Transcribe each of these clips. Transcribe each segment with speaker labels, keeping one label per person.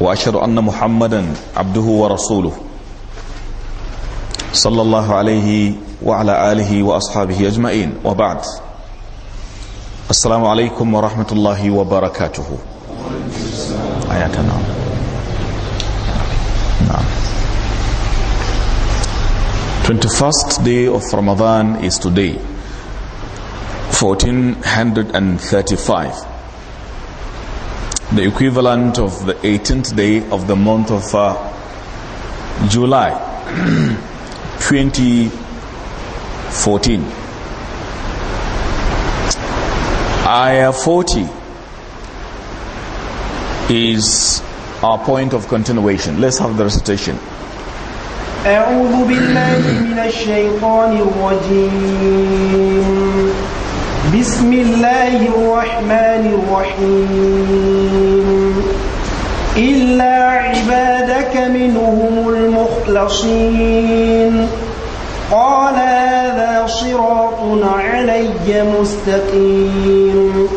Speaker 1: واشهد ان محمدا عبده ورسوله صلى الله عليه وعلى اله واصحابه اجمعين وبعد السلام عليكم ورحمه الله وبركاته اياتنا نعم 21st day of Ramadan is today 1435 the equivalent of the 18th day of the month of uh, July 2014. Ayah 40 is our point of continuation. Let's have the recitation.
Speaker 2: أعوذ بالله من الشيطان الرجيم بسم الله الرحمن الرحيم إلا عبادك منهم المخلصين قال هذا صراط علي مستقيم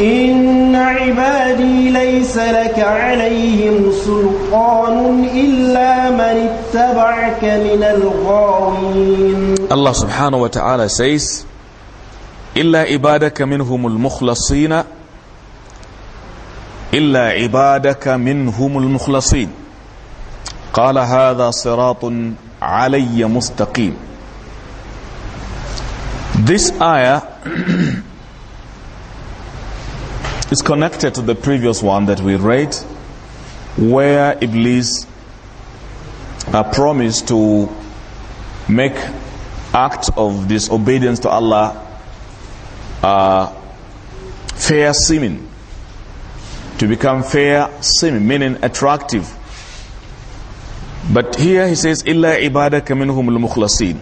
Speaker 2: إن عبادي ليس لك عليهم سلطان إلا من اتبعك من الغاوين
Speaker 1: الله سبحانه وتعالى سيس إلا عبادك منهم المخلصين إلا عبادك منهم المخلصين قال هذا صراط علي مستقيم This ayah is connected to the previous one that we read where Iblis promised to make act of disobedience to Allah uh, fair seeming, to become fair seeming, meaning attractive. But here he says, إِلَّا عِبَادَكَ مِنْهُمُ الْمُخْلَصِينَ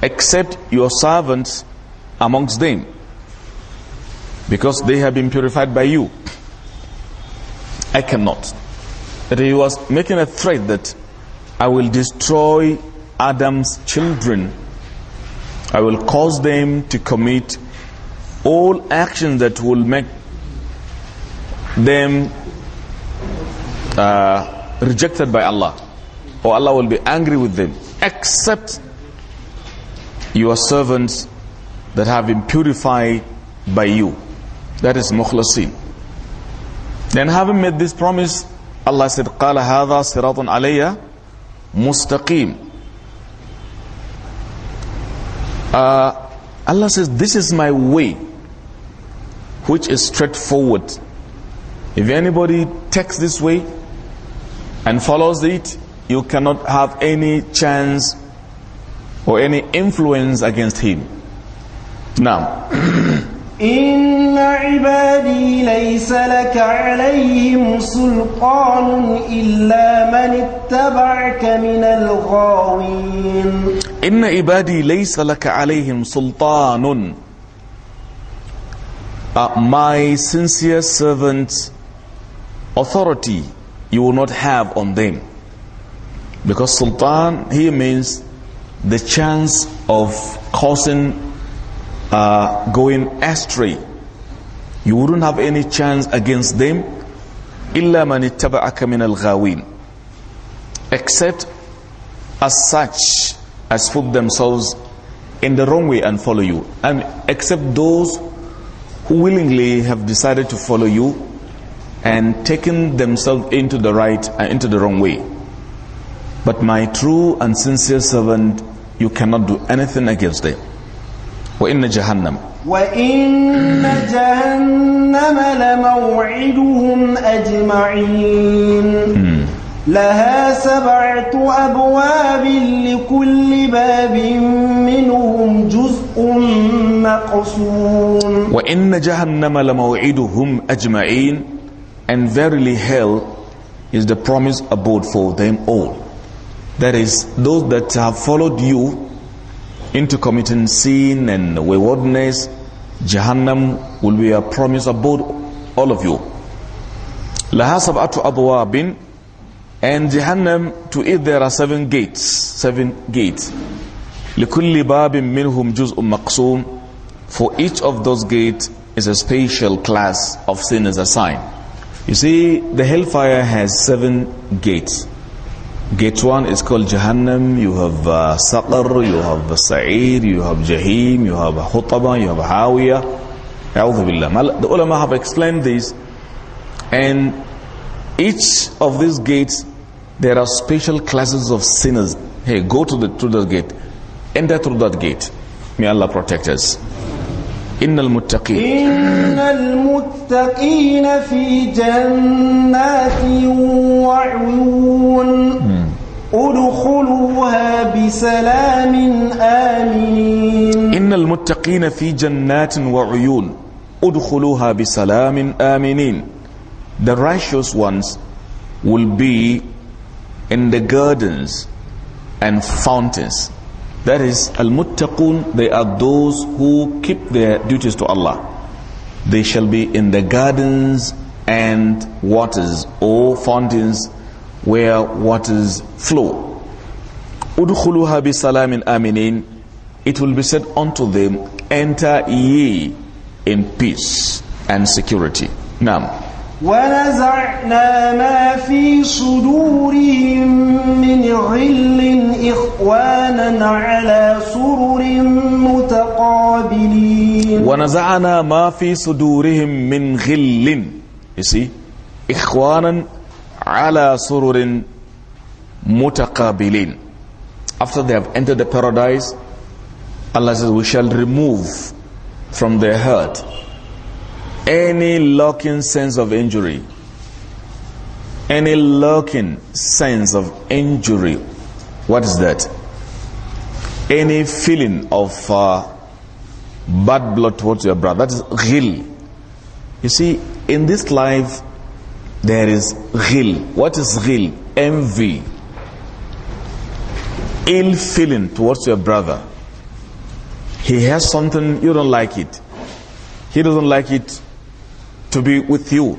Speaker 1: Except your servants amongst them, because they have been purified by you. I cannot. he was making a threat that I will destroy Adam's children. I will cause them to commit all actions that will make them uh, rejected by Allah or Allah will be angry with them except your servants that have been purified by you that is mukhlasin then having made this promise Allah said "Qala hada sirātun alayya, mustaqim." uh, Allah says this is my way which is straightforward. If anybody takes this way and follows it, you cannot have any chance or any influence against him. Now,
Speaker 2: إن عبادي ليس لك عليهم سلطان إلا من اتبعك من الغاوين
Speaker 1: إن عبادي ليس لك عليهم سلطان uh, my sincere servants authority you will not have on them because sultan here means the chance of causing uh, going astray you wouldn't have any chance against them illa man ittaba'aka min al-ghawin except as such as put themselves in the wrong way and follow you and except those who willingly have decided to follow you and taken themselves into the right and uh, into the wrong way. But my true and sincere servant, you cannot do anything against them. وإن جهنم
Speaker 2: وإن جهنم لموعدهم أجمعين
Speaker 1: hmm.
Speaker 2: لها سبعة أبواب لكل باب منهم جزء وإن
Speaker 1: جهنم لموعدهم أجمعين and verily hell is the promised abode for them all that is those that have followed you into committing sin and waywardness Jahannam will be a promise abode all of you لها سبعة أبواب and Jahannam to it there are seven gates seven gates لكل باب منهم جزء مقسوم for each of those gates is a special class of sinners assigned. You see, the hellfire has seven gates. Gate one is called Jahannam, you have uh, you have Sa'ir, you have Jahim, you have Khutaba, you have Hawiyah. The ulama have explained this. And each of these gates, there are special classes of sinners. Hey, go to the, through that gate. Enter through that gate. May Allah protect us. إن المتقين إن
Speaker 2: المتقين في جنات وعيون ادخلوها
Speaker 1: بسلام آمنين إن المتقين في جنات وعيون ادخلوها بسلام آمنين The righteous ones will be in the gardens and fountains That is, Al-Muttaqun, they are those who keep their duties to Allah. They shall be in the gardens and waters or fountains where waters flow. Udkhuluha bisalamin aminin. It will be said unto them, Enter ye in peace and security. Now.
Speaker 2: ونزعنا ما في صدورهم من غل إخوانا على سرر متقابلين
Speaker 1: ونزعنا ما في صدورهم من غل إخوانا على سرر متقابلين After they have entered the paradise, Allah says, we shall remove from their heart any lurking sense of injury, any lurking sense of injury, what is that? Any feeling of uh, bad blood towards your brother, that is ghil. You see, in this life, there is ghil. What is ghil? Envy. Ill feeling towards your brother. He has something, you don't like it. He doesn't like it, to be with you.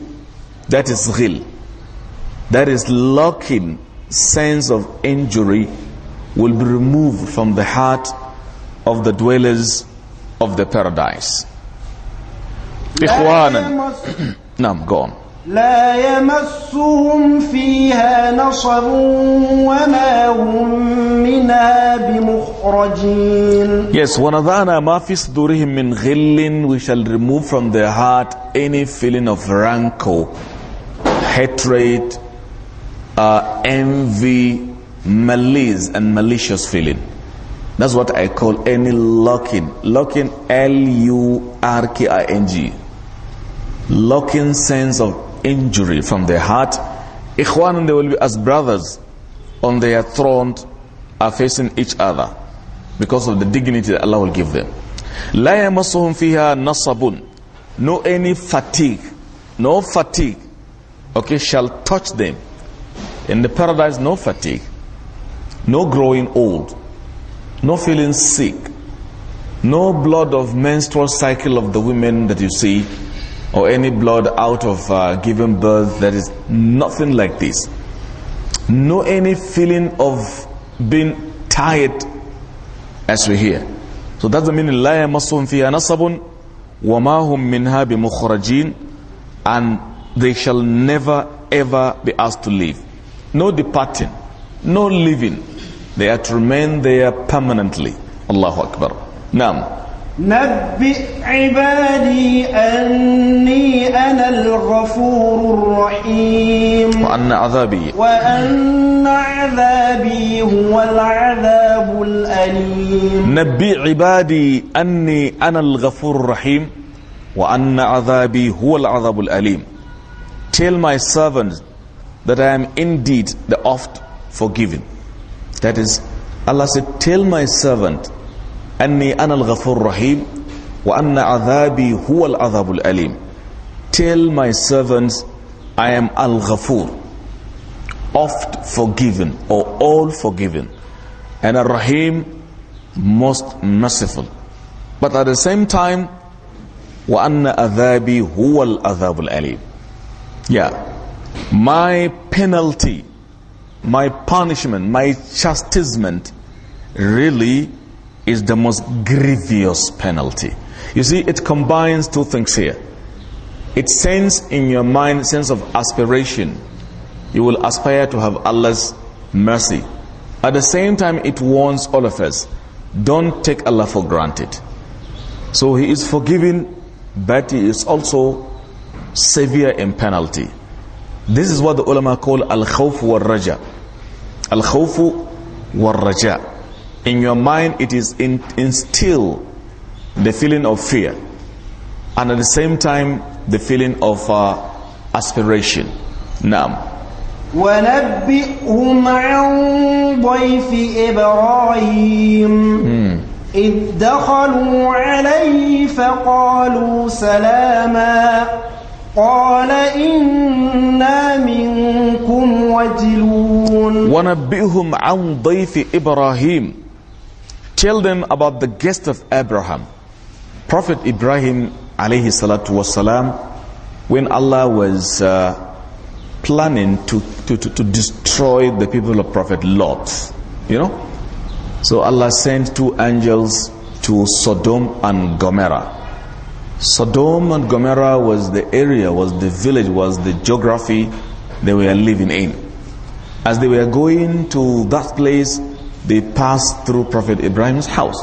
Speaker 1: That is ghil. That is locking sense of injury will be removed from the heart of the dwellers of the paradise. إخوانا نعم go on
Speaker 2: لا يمسهم فيها نصب وما هم منها بمخرجين
Speaker 1: Yes, وَنَضَعْنَا مَا فِي صُدُورِهِمْ مِنْ غِلٍّ We shall remove from their heart any feeling of rancor, hatred, uh, envy, malice and malicious feeling. That's what I call any locking. Locking, L-U-R-K-I-N-G. Locking sense of injury from their heart. Ikhwan, they will be as brothers on their throne are facing each other because of the dignity that Allah will give them. لا يمسهم فيها نصب No any fatigue, no fatigue, okay, shall touch them. In the paradise, no fatigue, no growing old, no feeling sick, no blood of menstrual cycle of the women that you see or any blood out of uh, birth that is nothing like this no any feeling of being tired as we hear so that's the meaning la yamassuhum fiha nasabun wama hum minha bimukhrajin and they shall never ever be asked to leave no departing no leaving they are to remain there permanently allahu akbar Naam.
Speaker 2: نبئ عبادي أني أنا الغفور الرحيم
Speaker 1: وأن عذابي
Speaker 2: وأن عذابي هو العذاب الأليم
Speaker 1: نبئ عبادي أني أنا الغفور الرحيم وأن عذابي هو العذاب الأليم Tell my servants that I am indeed the oft forgiven. That is, Allah said, tell my servant أني أنا الغفور الرحيم وأن عذابي هو العذاب الأليم Tell my servants I am Al-Ghafur oft forgiven or all forgiven and Ar-Rahim most merciful but at the same time وَأَنَّ huwa هُوَ الْأَذَابُ الْأَلِيمُ Yeah. My penalty, my punishment, my chastisement really is the most grievous penalty. You see, it combines two things here. It sends in your mind sense of aspiration. You will aspire to have Allah's mercy. At the same time, it warns all of us, don't take Allah for granted. So he is forgiving, but he is also severe in penalty. This is what the ulama call al-khawf wal-raja. Al-khawf wal-raja in your mind it is in, instill the feeling of fear and at the same time the feeling of uh, aspiration Nam.
Speaker 2: ونبئهم عن ضيف إبراهيم
Speaker 1: hmm.
Speaker 2: إذ دخلوا عليه فقالوا سلاما قال إنا منكم وجلون
Speaker 1: ونبئهم عن ضيف إبراهيم tell them about the guest of Abraham. Prophet Ibrahim alayhi salatu wasalam, when Allah was uh, planning to, to, to, to destroy the people of Prophet Lot, you know? So Allah sent two angels to Sodom and Gomorrah. Sodom and Gomorrah was the area, was the village, was the geography they were living in. As they were going to that place, they passed through Prophet Ibrahim's house.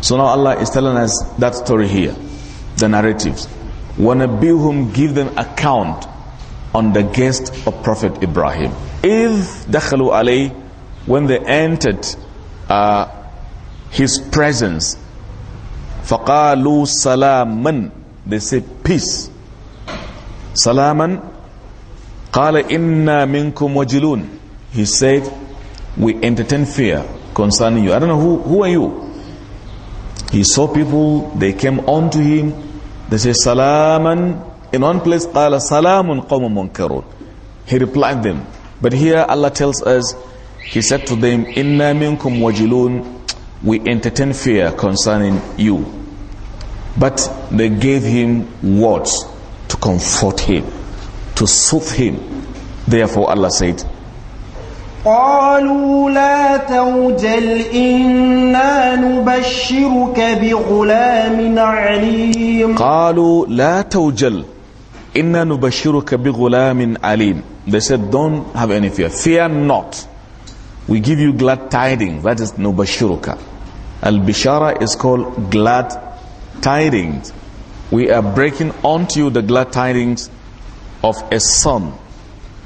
Speaker 1: So now Allah is telling us that story here, the narratives. When وَنَبِّهُمْ Give them account on the guest of Prophet Ibrahim. If دَخَلُوا عَلَيْهِ When they entered uh, his presence, فَقَالُوا salaman. They say peace. Salaman قال Inna minku وَجِلُونَ He said, we entertain fear concerning you. I don't know who, who are you? He saw people, they came on to him, they said, Salaman. In one place, Salamun Munkarun. He replied them. But here Allah tells us, He said to them, Inna minkum wajilun, we entertain fear concerning you. But they gave him words to comfort him, to soothe him. Therefore Allah said,
Speaker 2: قالوا لا توجل إنا نبشرك بغلام عليم
Speaker 1: قالوا لا توجل إنا نبشرك بغلام عليم They said don't have any fear Fear not We give you glad tidings That is nubashiruka Al-Bishara is called glad tidings We are breaking onto you the glad tidings of a son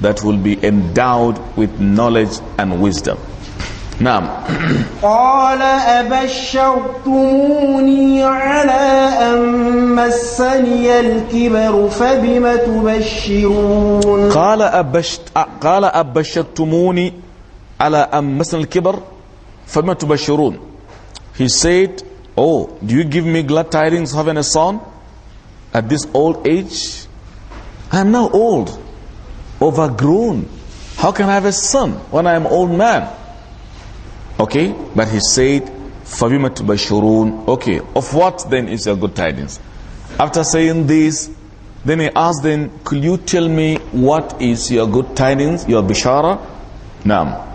Speaker 1: that will be endowed with knowledge and wisdom. Now,
Speaker 2: قال أبشرتموني على أن مسني الكبر فبم
Speaker 1: تبشرون قال أبشت قال أبشرتموني على He said Oh, do you give me glad tidings having a son at this old age? I am now old overgrown. How can I have a son when I am old man? Okay, but he said, Okay, of what then is your good tidings? After saying this, then he asked them, could you tell me what is your good tidings, your bishara? Naam.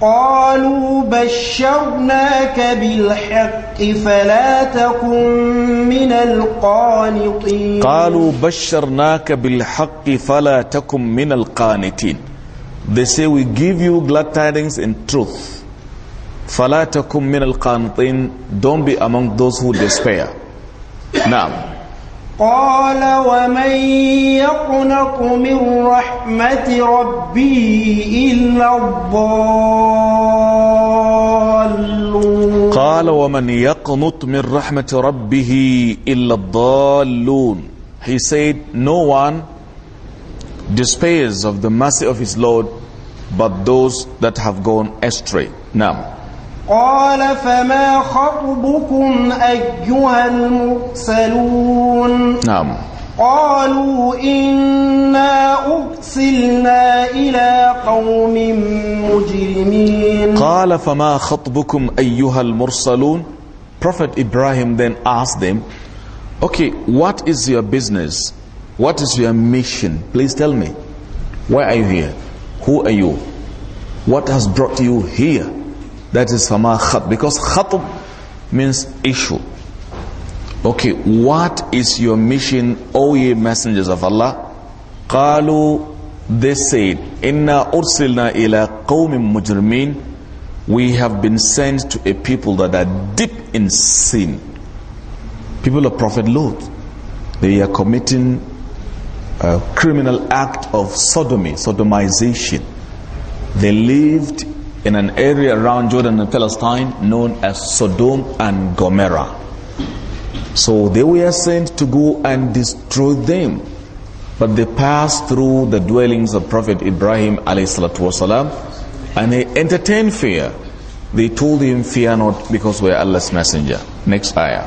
Speaker 2: قالوا بشرناك بالحق فلا تكن من القانطين قالوا
Speaker 1: بشرناك بالحق فلا تكن من القانطين They say we give you glad tidings in truth فلا تكن من القانطين Don't be among those who despair نعم قال ومن يقنط
Speaker 2: من رحمة ربه إلا الضالون
Speaker 1: قال ومن يقنط من رحمة ربه إلا الضالون He said no one despairs of the mercy of his Lord but those that have gone astray. Now
Speaker 2: قال فما خطبكم أيها المرسلون نعم قالوا إنا أرسلنا إلى قوم مجرمين
Speaker 1: قال فما خطبكم أيها المرسلون Prophet Ibrahim then asked them Okay, what is your business? What is your mission? Please tell me. Why are you here? Who are you? What has brought you here? That is fama khat. Because khatb means issue. Okay, what is your mission, O ye messengers of Allah? Qalu, they said, Inna ursilna ila qawmin mujrimin. We have been sent to a people that are deep in sin. People of Prophet Lot, they are committing a criminal act of sodomy, sodomization. They lived in an area around Jordan and Palestine known as Sodom and Gomorrah. So they were sent to go and destroy them. But they passed through the dwellings of Prophet Ibrahim والسلام, and he entertained fear. They told him, Fear not, because we are Allah's messenger. Next ayah.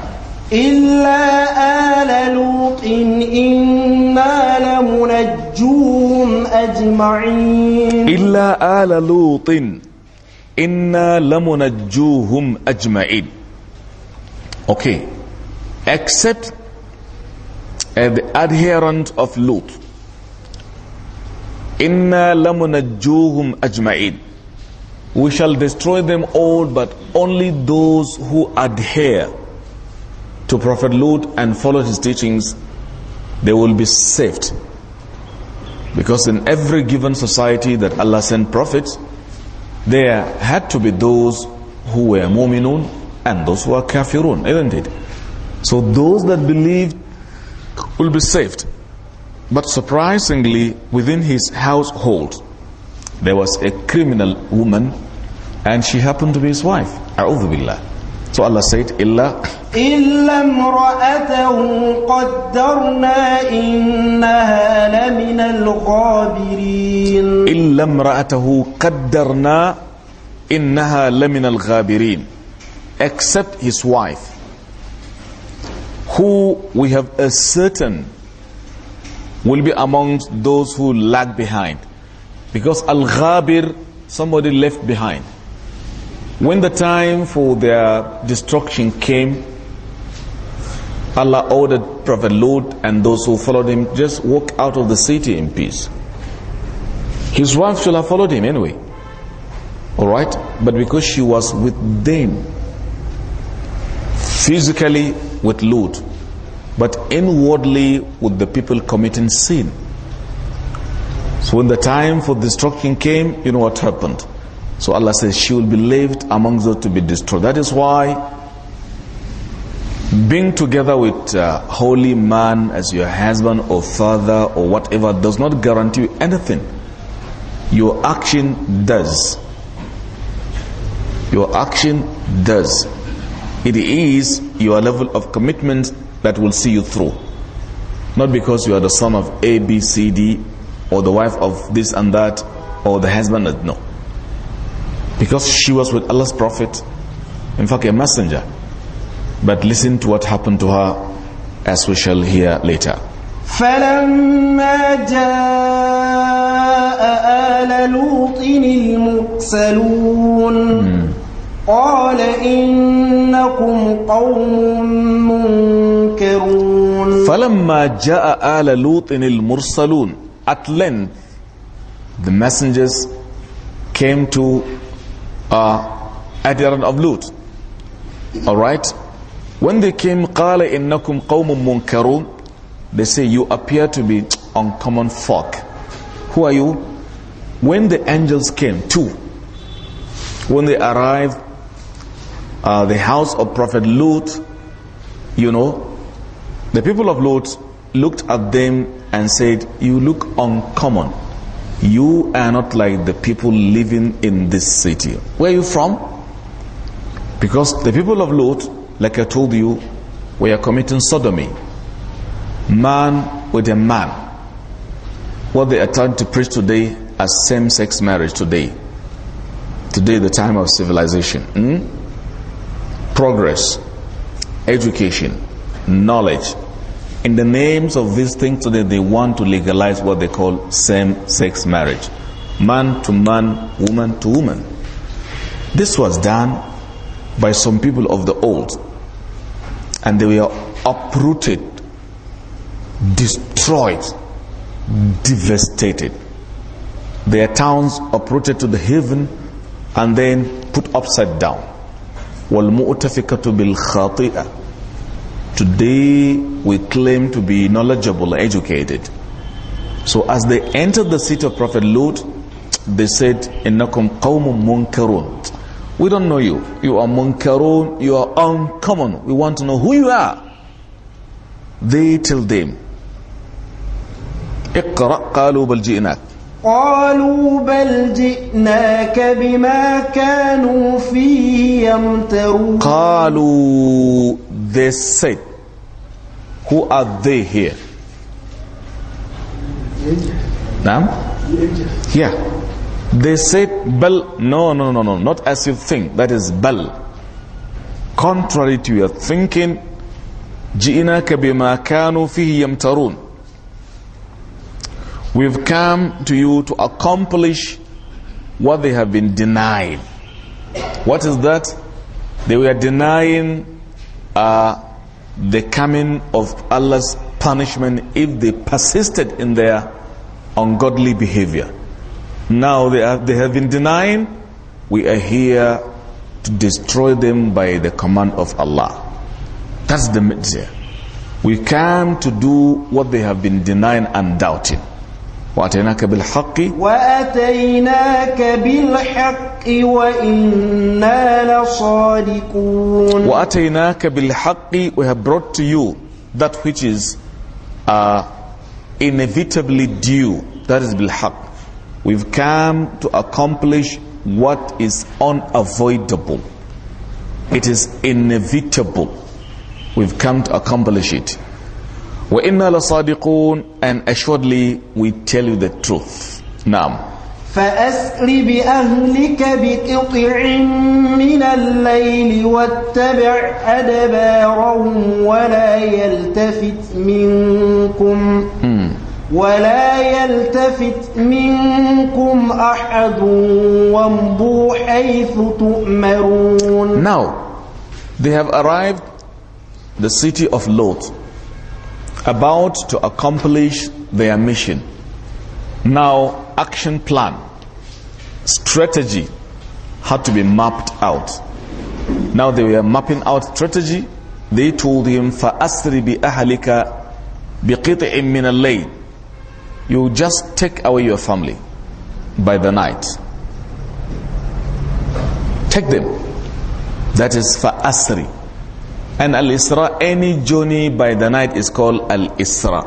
Speaker 2: إلا آل لوط إنا لمنجوهم أجمعين
Speaker 1: إلا آل لوط Inna lamunajjuhum ajma'in. Okay. Except uh, the adherent of Lut. Inna lamunajjuhum ajma'in. We shall destroy them all, but only those who adhere to Prophet Lut and follow his teachings, they will be saved. Because in every given society that Allah sent prophets, there had to be those who were mu'minun and those who are kafirun, isn't it? So those that believed will be saved. But surprisingly, within his household, there was a criminal woman and she happened to be his wife. A'udhu billah. So Allah said, إِلَّا
Speaker 2: إِلَّا امْرَأَتَهُ قَدَّرْنَا
Speaker 1: إِنَّهَا لَمِنَ الْغَابِرِينَ إِلَّا Except his wife, who we have ascertained will be amongst those who lag behind. Because Al-Ghabir, somebody left behind. When the time for their destruction came, Allah ordered Prophet Lut and those who followed him just walk out of the city in peace. His wife should have followed him anyway. Alright? But because she was with them, physically with Lut, but inwardly with the people committing sin. So when the time for destruction came, you know what happened? So Allah says she will be left among those to be destroyed. That is why being together with a uh, holy man as your husband or father or whatever does not guarantee you anything. Your action does. Your action does. It is your level of commitment that will see you through. Not because you are the son of A, B, C, D, or the wife of this and that, or the husband, no. Because she was with Allah's Prophet, in fact, a messenger. But listen to what happened to her as we shall hear later.
Speaker 2: فلما جاء آل لوط المرسلون قال إنكم قوم منكرون
Speaker 1: فلما جاء آل لوط المرسلون At length the messengers came to uh, adherin of Lut. All right? When they came, قَالَ إِنَّكُمْ قَوْمٌ مُنْكَرُونَ They say, you appear to be uncommon folk. Who are you? When the angels came, two, when they arrived, uh, the house of Prophet Lut, you know, the people of Lut looked at them and said, you look uncommon. You are not like the people living in this city. Where are you from? Because the people of Lot, like I told you, were committing sodomy. Man with a man. What they are trying to preach today as same-sex marriage today. Today, the time of civilization. Hmm? Progress, education, knowledge, in the names of these things today, they want to legalize what they call same-sex marriage. Man to man, woman to woman. This was done by some people of the old. And they were uprooted, destroyed, devastated. Their towns uprooted to the heaven and then put upside down. وَالْمُؤْتَفِكَةُ بِالْخَاطِئَةِ Today, we claim to be knowledgeable, educated. So as they entered the city of Prophet Lut, they said, إِنَّكُمْ قَوْمٌ Munkarun." we don't know you. You are munkarun. You are uncommon. We want to know who you are. They tell them. اقرأ قالوا بل جئناك
Speaker 2: قالوا بل جئناك بما كانوا فيه يمترون
Speaker 1: قالوا they said, Who are they here? Now? Yeah. They said, Bal. No, no, no, no. Not as you think. That is Bal. Contrary to your thinking, جئناك بما كانوا فيه يمترون. We've come to you to accomplish what they have been denied. What is that? They were denying uh, the coming of Allah's punishment if they persisted in their ungodly behavior. Now they, are, they have been denying, we are here to destroy them by the command of Allah. That's the mitzvah. We come to do what they have been denying and doubting. وأتيناك بالحق
Speaker 2: وأتيناك بالحق وإنا لصادقون
Speaker 1: وأتيناك بالحق we have brought to you that which is uh, inevitably due that is بالحق we've come to accomplish what is unavoidable it is inevitable we've come to accomplish it وإنا لصادقون and assuredly we tell you the truth نعم
Speaker 2: فأسر بأهلك بقطع من الليل واتبع أدبارهم ولا يلتفت منكم hmm. ولا يلتفت منكم أحد وامضوا حيث تؤمرون Now
Speaker 1: they have arrived the city of Lot about to accomplish their mission. Now, action plan, strategy had to be mapped out. Now they were mapping out strategy. They told him, فَأَسْرِ بِأَهَلِكَ بِقِطْعٍ مِّنَ اللَّيْلِ You just take away your family by the night. Take them. That is فَأَسْرِ and Al-Isra, any journey by the night is called Al-Isra.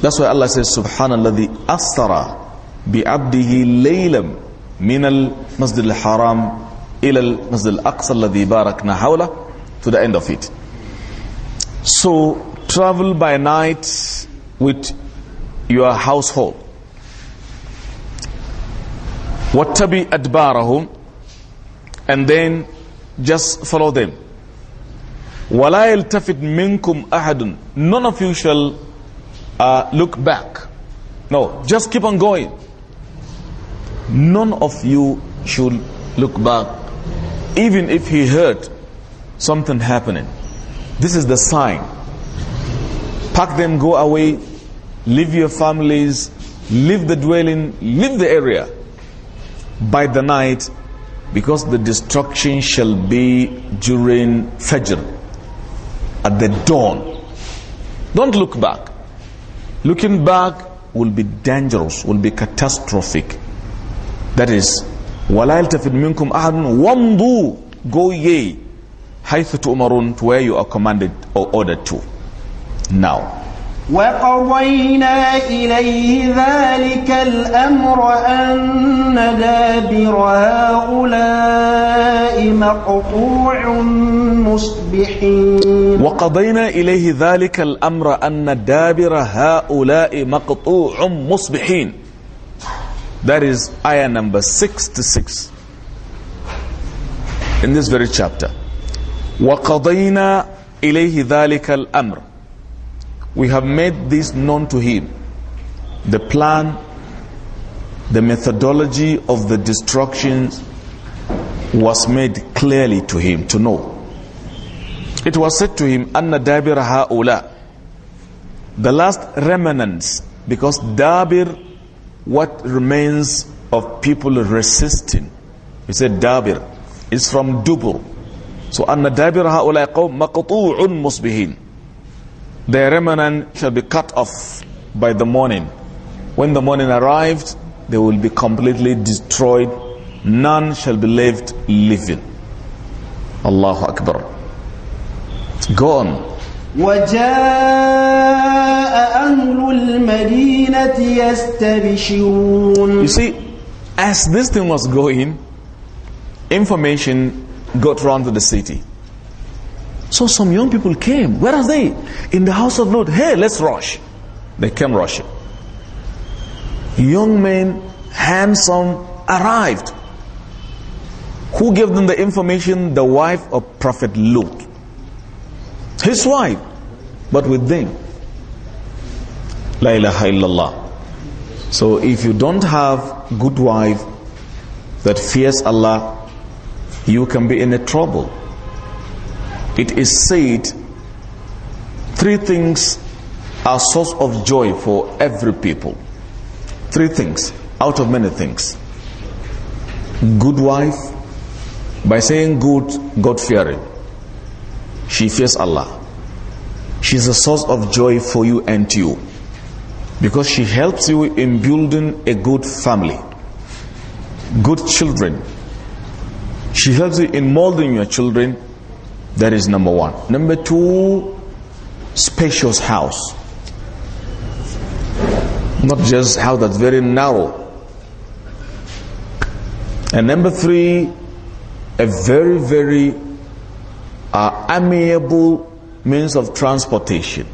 Speaker 1: That's why Allah says, Subhanallah, Asra bi'abdihi laylam min al-masjid al-haram ila al-masjid al-aqsa alladhi barakna hawla to the end of it. So, travel by night with your household. Wattabi adbarahum and then just follow them. وَلَا يَلْتَفِتْ مِنْكُمْ أَحَدٌ None of you shall uh, look back. No, just keep on going. None of you should look back, even if he heard something happening. This is the sign. Pack them, go away, leave your families, leave the dwelling, leave the area by the night, because the destruction shall be during Fajr at the dawn. Don't look back. Looking back will be dangerous, will be catastrophic. That is, وَلَا يَلْتَفِدْ مِنْكُمْ wamdu Go ye, حَيْثُ تُؤْمَرُونَ To where you are commanded or ordered to. Now,
Speaker 2: وقضينا إليه ذلك الأمر أن دابر هؤلاء مقطوع مصبحين
Speaker 1: وقضينا إليه ذلك الأمر أن دابر هؤلاء مقطوع مصبحين That is ayah number 66 in this very chapter وقضينا إليه ذلك الأمر we have made this known to him the plan the methodology of the destruction was made clearly to him to know it was said to him anna dabir haula the last remnants because dabir what remains of people resisting he said dabir is from dubur so anna dabir haula qawm maqtu'un musbihin their remnant shall be cut off by the morning. When the morning arrived, they will be completely destroyed. None shall be left living. Allahu Akbar. Go on.
Speaker 2: gone. You see,
Speaker 1: as this thing was going, information got round to the city. So some young people came. Where are they? In the house of Lord. Hey, let's rush. They came rushing. Young men, handsome, arrived. Who gave them the information? The wife of Prophet Luke. His wife, but with them. La ilaha illallah. So if you don't have good wife that fears Allah, you can be in a trouble. It is said, three things are source of joy for every people. Three things out of many things. Good wife, by saying good, God fearing. She fears Allah. She's a source of joy for you and you. Because she helps you in building a good family, good children. She helps you in molding your children that is number one. Number two, spacious house. Not just house that's very narrow. And number three, a very, very uh, amiable means of transportation.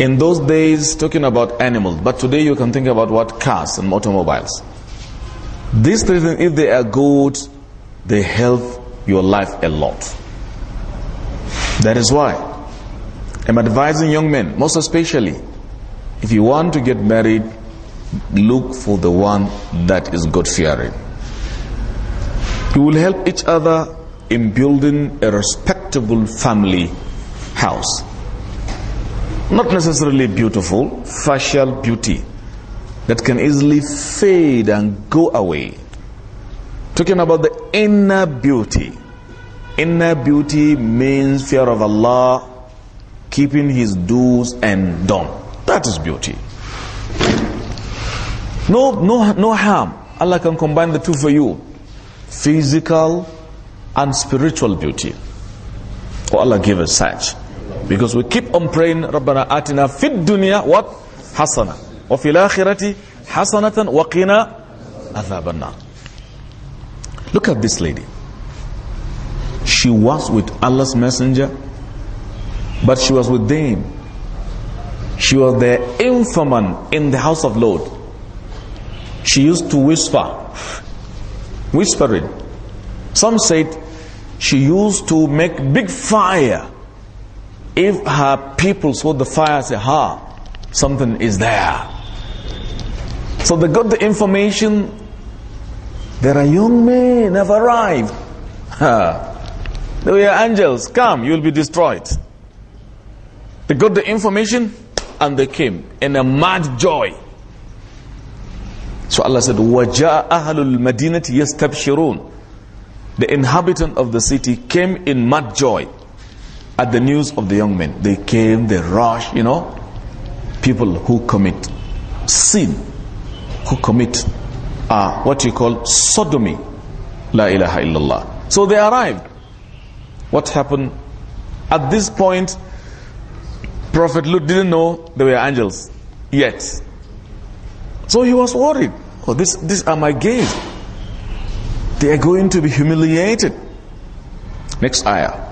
Speaker 1: In those days, talking about animals, but today you can think about what cars and automobiles. These three things, if they are good, they help your life a lot. That is why I'm advising young men, most especially, if you want to get married, look for the one that is God fearing. You will help each other in building a respectable family house. Not necessarily beautiful, facial beauty that can easily fade and go away. Talking about the inner beauty Inner beauty means fear of Allah, keeping His do's and done. That is beauty. No, no, no harm. Allah can combine the two for you physical and spiritual beauty. Oh, Allah give us such. Because we keep on praying, رَبَّنَا آتِنَا فِي الدُّنْيَا what? حَسَنَةً وَفِي الْآخِرَةِ حَسَنَةً وَقِنَا أَذَابَ Look at this lady she was with Allah's messenger, but she was with them. She was the informant in the house of Lord. She used to whisper, whispering. Some said she used to make big fire. If her people saw the fire, say, ha, something is there. So they got the information. There are young men have arrived. They were angels. Come, you will be destroyed. They got the information and they came in a mad joy. So Allah said, وَجَاءَ أَهَلُ الْمَدِينَةِ yastabshirun." The inhabitant of the city came in mad joy at the news of the young men. They came, they rushed, you know. People who commit sin, who commit uh, what you call sodomy. La ilaha illallah. So they arrived. What happened? At this point, Prophet Luke didn't know they were angels yet. So he was worried. Oh, this, these are my gays. They are going to be humiliated. Next ayah.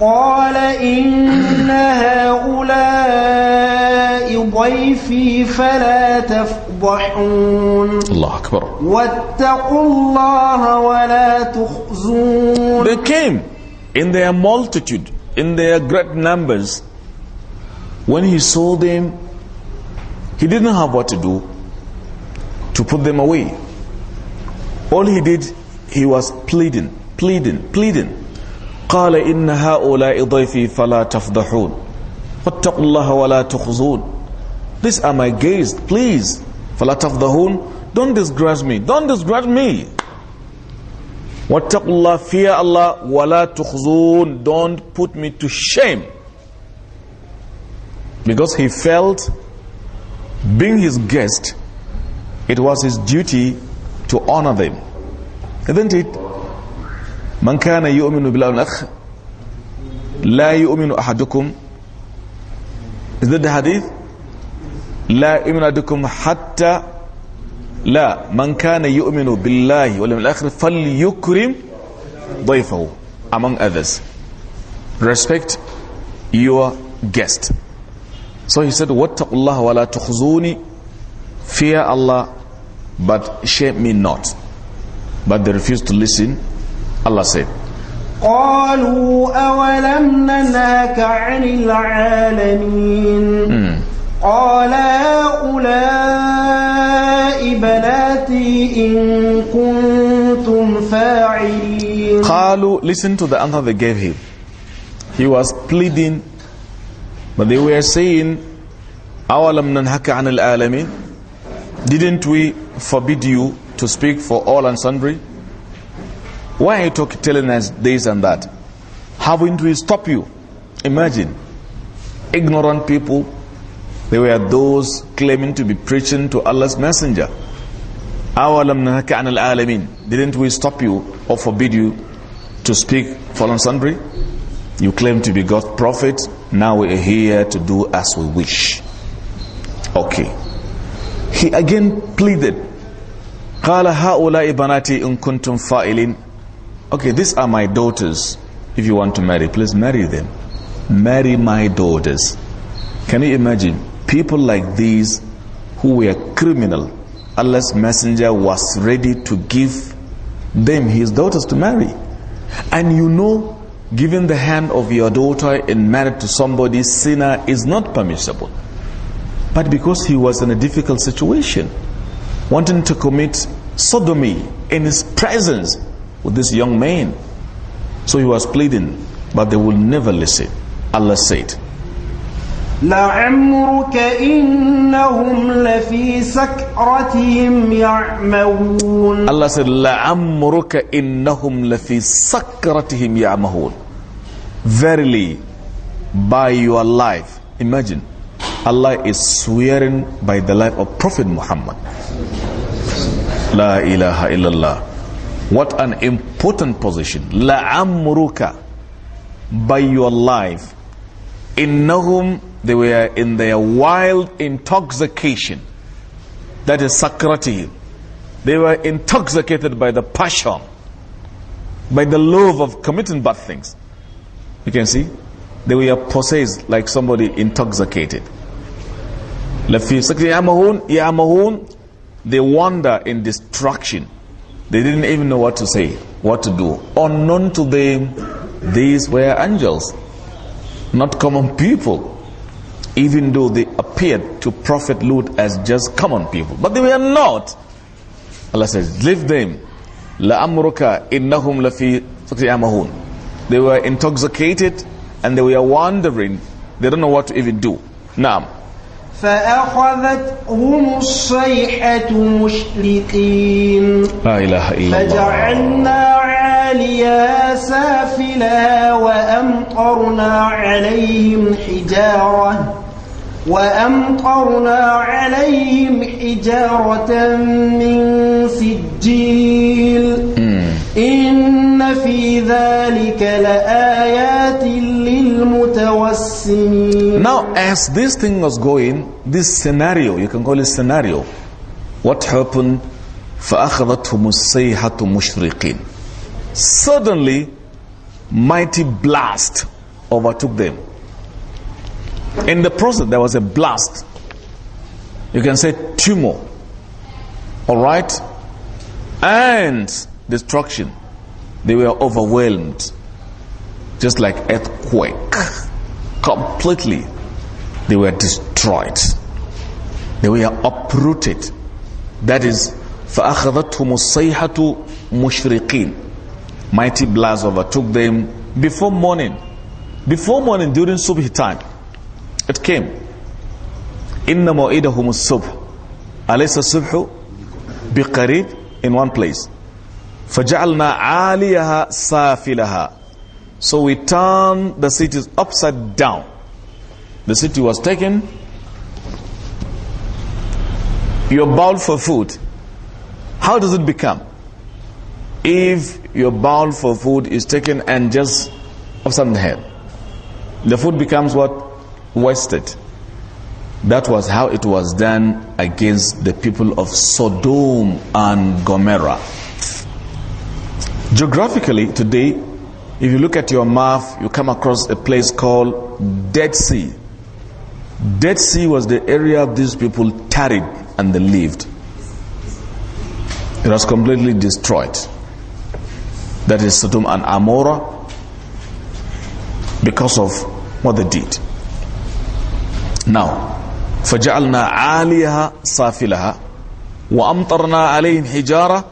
Speaker 2: قال إن هؤلاء ضيفي فلا تفضحون
Speaker 1: الله أكبر
Speaker 2: واتقوا الله ولا تخزون They
Speaker 1: came in their multitude, in their great numbers, when he saw them, he didn't have what to do to put them away. All he did, he was pleading, pleading, pleading. قال إن هؤلاء ضيفي فلا تفضحون واتقوا الله ولا تخزون These are my guests, please. فلا تفضحون Don't disgrace me. Don't disgrace me. Wattaqullah, fear Allah, wala tukhzun, don't put me to shame. Because he felt, being his guest, it was his duty to honor them. Isn't it? Man kana يؤمن بالله والأخ لا يؤمن أحدكم Is that the hadith? La يؤمن hatta. لا من كان يؤمن بالله واليوم الآخر فليكرم ضيفه among others respect your guest so he said واتقوا الله ولا تخزوني fear Allah but shame me not but they refused to listen Allah said
Speaker 2: قالوا أولم ننهك عن العالمين قال هؤلاء بناتي إن كنتم
Speaker 1: فاعلين قالوا listen to the answer they gave him he was pleading but they were saying أولم ننهك عن العالمين didn't we forbid you to speak for all and sundry why are you talking, telling us this and that haven't we stopped you imagine ignorant people they were those claiming to be preaching to Allah's messenger الْعَالَمِينَ Didn't we stop you or forbid you to speak fallen sundry? You claim to be God's prophet. Now we are here to do as we wish. Okay. He again pleaded. Okay, these are my daughters. If you want to marry, please marry them. Marry my daughters. Can you imagine? People like these who were criminal, Allah's messenger was ready to give them his daughters to marry. And you know, giving the hand of your daughter in marriage to somebody sinner is not permissible. But because he was in a difficult situation, wanting to commit sodomy in his presence with this young man. So he was pleading, but they will never listen. Allah said,
Speaker 2: لعمرك إنهم لفي سكرتهم يعمهون
Speaker 1: الله said لعمرك إنهم لفي سكرتهم يعمهون Verily by your life imagine Allah is swearing by the life of Prophet Muhammad لا إله إلا الله What an important position لعمرك by your life innahum they were in their wild intoxication that is sakratihim they were intoxicated by the passion by the love of committing bad things you can see they were possessed like somebody intoxicated they wander in destruction they didn't even know what to say what to do unknown to them these were angels not common people, even though they appeared to Prophet Lut as just common people. But they were not. Allah says, leave them. La amruka innahum lafi amahun. They were intoxicated and they were wandering. They don't know what to even do. Naam.
Speaker 2: فأخذتهم الصيحة مشرقين
Speaker 1: لا إله إلا الله
Speaker 2: فجعلنا عاليا سافلا وأمطرنا عليهم حجارة وأمطرنا عليهم حجارة من سجيل إن في ذلك لآيات للمتوسمين Now
Speaker 1: as this thing was going, this scenario, you can call it scenario, what happened فأخذتهم الصيحة مشرقين Suddenly, mighty blast overtook them. In the process, there was a blast. You can say tumor. All right? And destruction. They were overwhelmed. Just like earthquake. Completely. They were destroyed. They were uprooted. That is, فَأَخَذَتْهُمُ الصَّيْحَةُ مُشْرِقِينَ mighty blast overtook them before morning. Before morning, during subh time, it came. Inna mu'idahum subh. Alaysa subhu biqarib in one place. So we turned the cities upside down. The city was taken. You're bound for food. How does it become? if your bowl for food is taken and just upside the head, the food becomes what? Wasted. That was how it was done against the people of Sodom and Gomorrah. Geographically, today, if you look at your map, you come across a place called Dead Sea. Dead Sea was the area these people tarried and they lived. It was completely destroyed that is Sodom and Amora, because of what they did. Now, فَجَعَلْنَا عَالِيَهَا صَافِلَهَا وَأَمْطَرْنَا عَلَيْهِمْ حِجَارَةً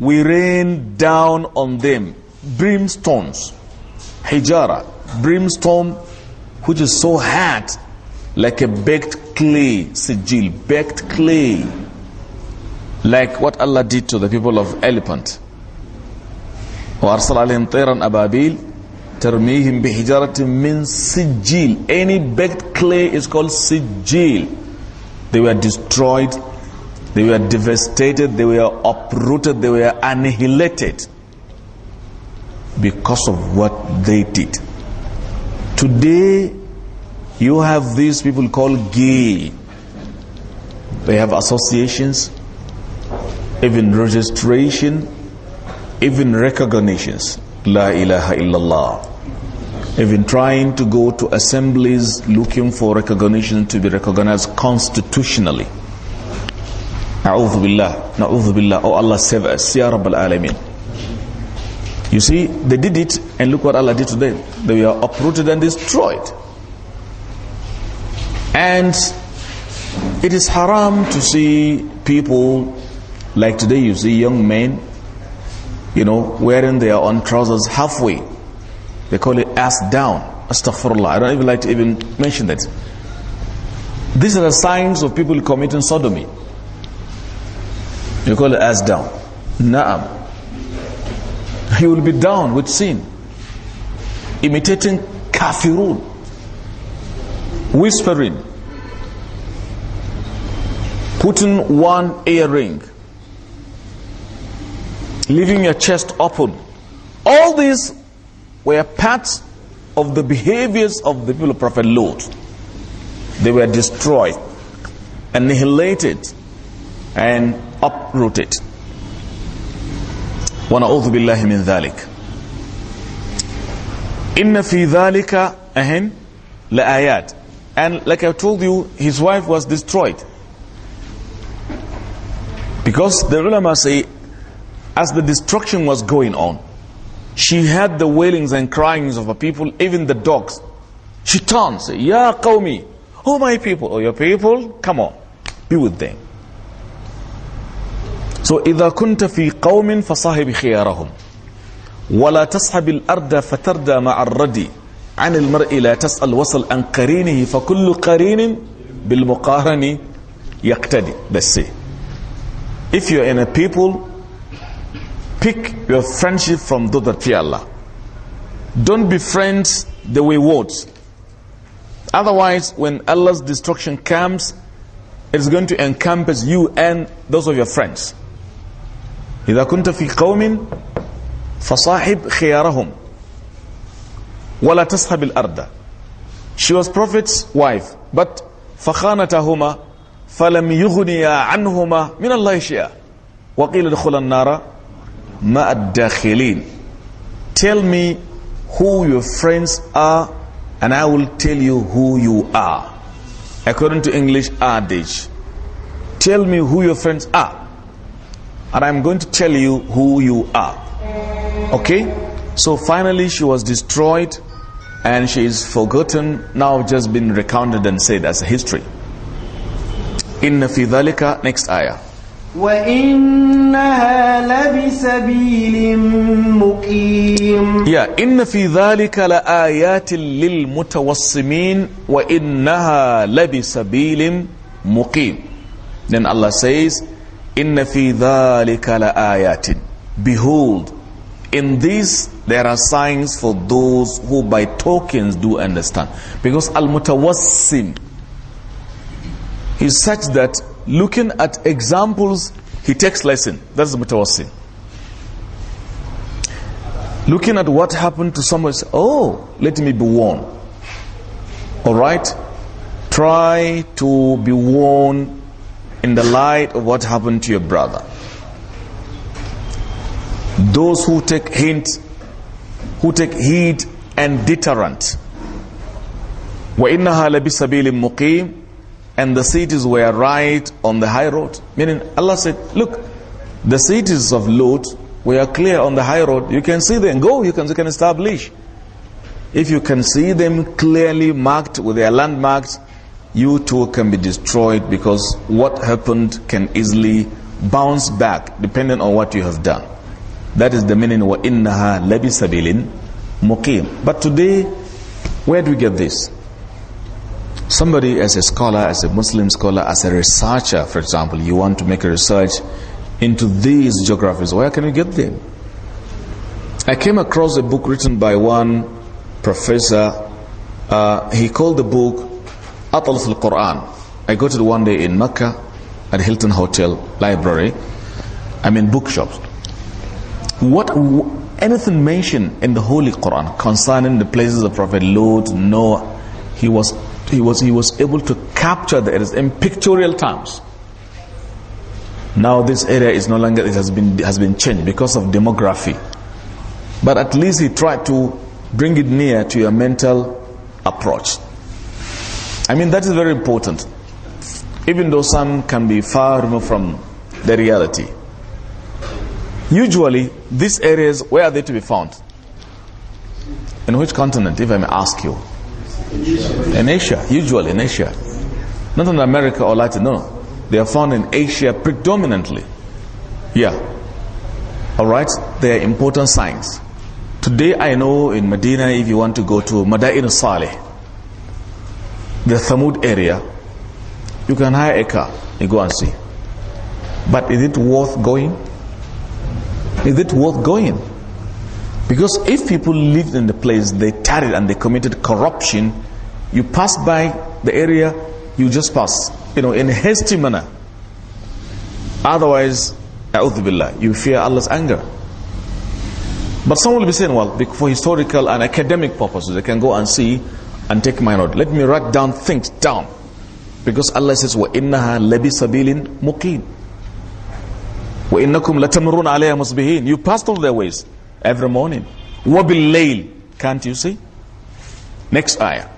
Speaker 1: We rained down on them brimstones, hijara, brimstone, which is so hot, like a baked clay, sijil, baked clay. Like what Allah did to the people of elephant. وأرسل عليهم طيرا أبابيل ترميهم بحجارة من سجيل any baked clay is called سجيل they were destroyed they were devastated they were uprooted they were annihilated because of what they did today you have these people called gay they have associations even registration even recognitions. La ilaha illallah. Even trying to go to assemblies looking for recognition to be recognized constitutionally. A'udhu billah, na'udhu billah. Oh Allah save us. Ya Rabbal Alameen. You see, they did it and look what Allah did to them. They were uprooted and destroyed. And it is haram to see people like today you see young men you know, wearing their own trousers halfway. They call it ass down. Astaghfirullah. I don't even like to even mention that. These are the signs of people committing sodomy. You call it ass down. Naam. He will be down with sin. Imitating kafirun. Whispering. Putting one earring leaving your chest open. All these were parts of the behaviors of the people of Prophet Lot. They were destroyed, annihilated, and uprooted. ونعوذ بالله من ذلك إن في ذلك أهن لآيات and like I told you his wife was destroyed because the ulama say as the destruction was going on, she heard the wailings and cryings of her people, even the dogs. She turned, said, Ya Qawmi, oh my people, oh your people, come on, be with them. So, إِذَا كُنْتَ فِي قَوْمٍ فصاحب خِيَارَهُمْ وَلَا تَصْحَبِ الْأَرْضَ فَتَرْدَى مَعَ الرَّدِي عن المرء لا تسأل وصل عن قرينه فكل قرين بالمقارن يقتدي بس if you're in a people pick your friendship from those that fear Allah. Don't befriend the wayward. Otherwise, when Allah's destruction comes, it's going to encompass you and those of your friends. إذا كنت في قوم فصاحب خيارهم ولا تصحب الأرض She was Prophet's wife, but فخانتهما فلم يغنيا عنهما من الله شيئا وقيل ادخل النار ma'ad-dakhilin. Tell me who your friends are and I will tell you who you are. According to English adage, tell me who your friends are and I'm going to tell you who you are. Okay? So finally she was destroyed and she is forgotten, now just been recounted and said as a history. Inna fi dhalika, next ayah.
Speaker 2: وإنها لبسبيل
Speaker 1: مقيم يا إن في ذلك لآيات للمتوسمين وإنها لبسبيل مقيم Then Allah says إن في ذلك لآيات Behold in this there are signs for those who by tokens do understand because al-mutawassim is such that looking at examples, he takes lesson. That's the saying. Looking at what happened to someone, oh, let me be warned. All right? Try to be warned in the light of what happened to your brother. Those who take hint, who take heed and deterrent. وَإِنَّهَا لَبِسَبِيلٍ مُقِيمٍ and the cities were right on the high road. Meaning Allah said, look, the cities of Lut were clear on the high road. You can see them. Go, you can, you can establish. If you can see them clearly marked with their landmarks, you too can be destroyed because what happened can easily bounce back depending on what you have done. That is the meaning of innaha Sabilin, muqim. But today, where do we get this? somebody as a scholar, as a Muslim scholar, as a researcher, for example, you want to make a research into these geographies, where can you get them? I came across a book written by one professor. Uh, he called the book Atalf al-Quran. I got it one day in Mecca at Hilton Hotel Library. I mean bookshops. What anything mentioned in the Holy Quran concerning the places of Prophet Lot, Noah, he was he was, he was able to capture the areas in pictorial terms. Now this area is no longer, it has been, has been changed because of demography. But at least he tried to bring it near to your mental approach. I mean, that is very important. Even though some can be far removed from the reality. Usually, these areas, where are they to be found? In which continent, if I may ask you? In Asia, usually in Asia. Not in America or Latin, no. They are found in Asia predominantly. Yeah. Alright? They are important signs. Today I know in Medina, if you want to go to Madain Saleh, the Thamud area, you can hire a car and go and see. But is it worth going? Is it worth going? Because if people lived in the place, they tarried and they committed corruption, you pass by the area, you just pass, you know, in a hasty manner. Otherwise, billah, you fear Allah's anger. But some will be saying, well, for historical and academic purposes, they can go and see and take my note. Let me write down things down. Because Allah says, وَإِنَّهَا لَبِسَبِيلٍ مُقِيمٍ وَإِنَّكُمْ لَتَمْرُونَ عَلَيْهَا مُصْبِهِينَ You passed all their ways every morning. Wabil Layl. Can't you see? Next ayah.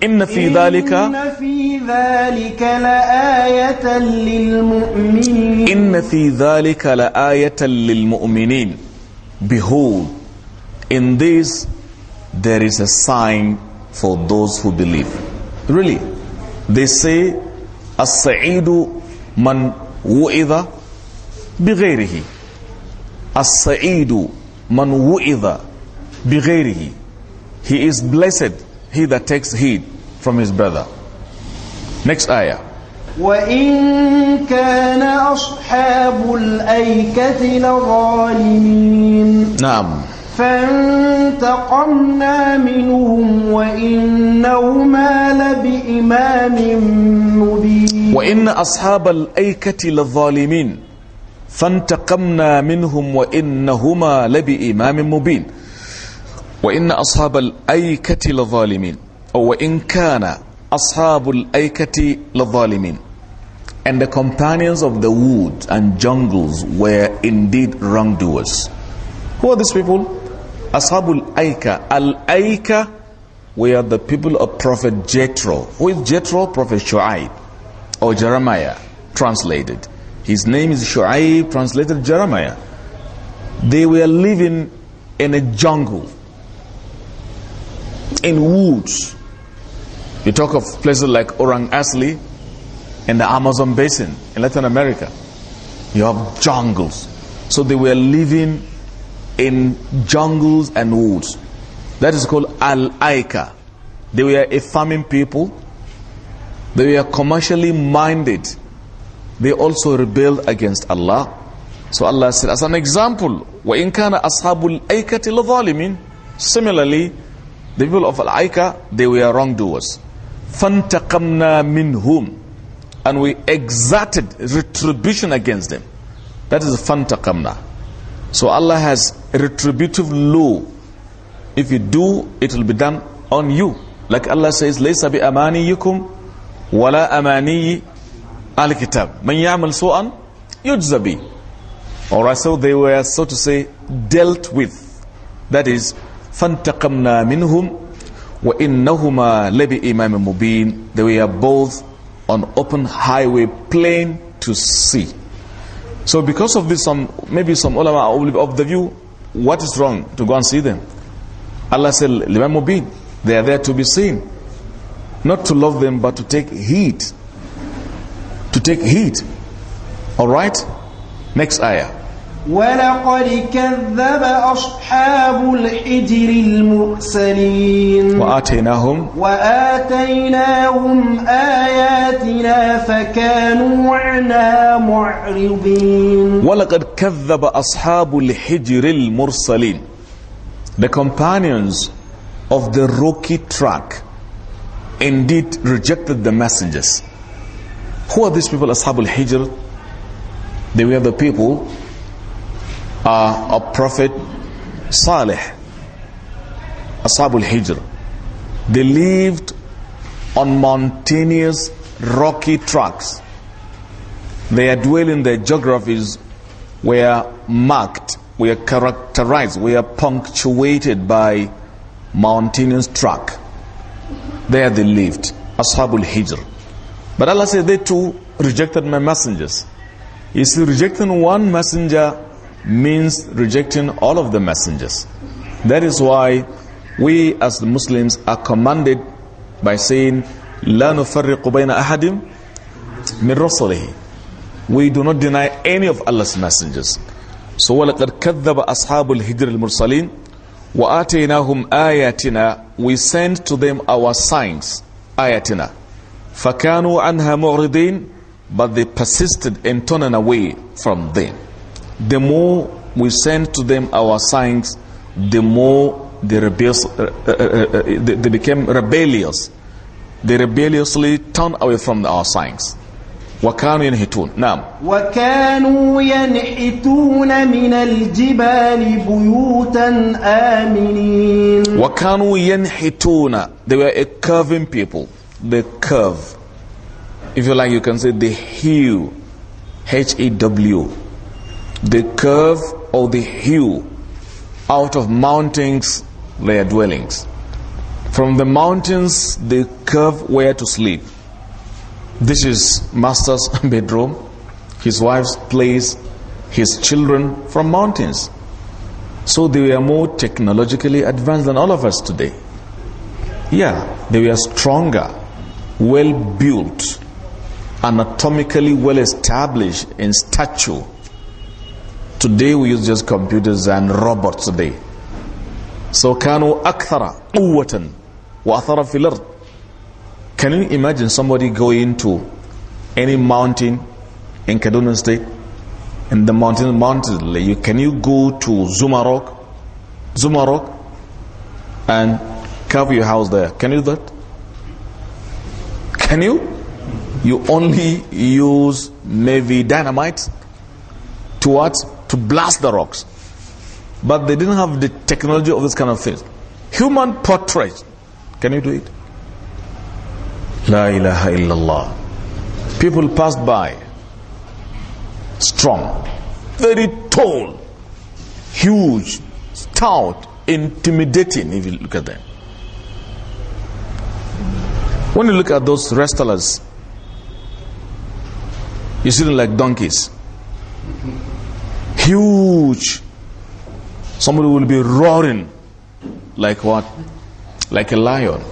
Speaker 1: Inna fi dhalika. Inna
Speaker 2: fi dhalika la ayatan lil
Speaker 1: Inna fi dhalika la ayatan lil Behold, in this there is a sign for those who believe. Really? They say, As-sa'idu man wu'idha bighayrihi. As-sa'idu من وئذ بغيره He is blessed, he that takes heed from his brother. Next ayah.
Speaker 2: وإن كان أصحاب الأيكة لظالمين نعم فانتقمنا منهم وإنهما لبإمام مبين
Speaker 1: وإن أصحاب الأيكة لَظَالِمِينَ فانتقمنا منهم وإنهما لبإمام مبين وإن أصحاب الأيكة لظالمين أو وإن كان أصحاب الأيكة لظالمين And the companions of the woods and jungles were indeed wrongdoers. Who are these people? Ashabul Aika. Al Aika were the people of Prophet Jethro. Who is Jethro? Prophet Shu'aib or Jeremiah translated. His name is Shu'aib, translated Jeremiah. They were living in a jungle, in woods. You talk of places like Orang Asli in the Amazon basin in Latin America. You have jungles. So they were living in jungles and woods. That is called Al-Aika. They were a farming people. They were commercially minded they also rebelled against Allah. So Allah said, as an example, وَإِنْ كَانَ أَصْحَابُ الْأَيْكَةِ لَظَالِمِينَ Similarly, the people of Al-Aika, they were wrongdoers. فَانْتَقَمْنَا مِنْهُمْ And we exerted retribution against them. That is فَانْتَقَمْنَا So Allah has retributive law. If you do, it will be done on you. Like Allah says, لَيْسَ بِأَمَانِيِّكُمْ وَلَا أَمَانِيِّ Al Kitab. Man yamal su'an yujzabi. Alright, so they were, so to say, dealt with. That is, فَانْتَقَمْنَا مِنْهُمْ وَإِنَّهُمَا لَبِئِمَامٍ مُبِينٍ They were both on open highway, plain to see. So because of this, some, maybe some ulama of the view, what is wrong to go and see them? Allah said, لِمَامٍ مُبِينٍ They are there to be seen. Not to love them, but to take heed to take heed. All right? Next ayah.
Speaker 2: وَلَقَدْ كَذَّبَ أَصْحَابُ الْحِجْرِ الْمُرْسَلِينَ
Speaker 1: وَآتَيْنَاهُمْ
Speaker 2: وَآتَيْنَاهُمْ آيَاتِنَا فَكَانُوا عَنْهَا
Speaker 1: مُعْرِضِينَ وَلَقَدْ كَذَّبَ أَصْحَابُ الْحِجْرِ الْمُرْسَلِينَ The companions of the rocky track indeed rejected the messengers. Who are these people, Ashabul Hijr? They were the people uh, of Prophet Saleh. Ashabul Hijr. They lived on mountainous, rocky tracks. Their dwelling, their geographies were marked, were characterized, were punctuated by mountainous track. There they lived, Ashabul Hijr. But Allah said they too rejected my messengers. You see, rejecting one messenger means rejecting all of the messengers. That is why we as the Muslims are commanded by saying, لا نفرق بين أحد من We do not deny any of Allah's messengers. So وَلَقَدْ كَذَّبَ أَصْحَابُ الْهِجْرِ الْمُرْسَلِينَ وَآتَيْنَاهُمْ آيَاتِنَا We send to them our signs, ayatina. فَكَانُوا عَنْهَا مُعْرِضِينَ But they persisted in turning away from them. The more we send to them our signs, the more they, rebels, uh, uh, uh, they became rebellious. They rebelliously turned away from our signs. وكانوا ينحتون نعم
Speaker 2: وكانوا ينحتون من الجبال بيوتا آمنين
Speaker 1: وكانوا ينحتون they were a curving people the curve. If you like, you can say the hue, H-E-W, the curve or the hue out of mountains their dwellings. From the mountains they curve where to sleep. This is master's bedroom, his wife's place, his children from mountains. So they were more technologically advanced than all of us today. Yeah, they were stronger well built, anatomically well established in stature. Today we use just computers and robots today. So كانوا أكثر قوة وأثر في الأرض. Can you imagine somebody going to any mountain in Kaduna State? In the mountain, mountain, you, can you go to Zumarok? Zumarok and carve your house there. Can you do that? Can you? You only use maybe dynamite to what? To blast the rocks. But they didn't have the technology of this kind of thing. Human portrait. Can you do it? La ilaha illallah. People passed by. Strong. Very tall. Huge. Stout. Intimidating if you look at them. When you look at those wrestlers, you see them like donkeys. Huge. Somebody will be roaring like what? Like a lion.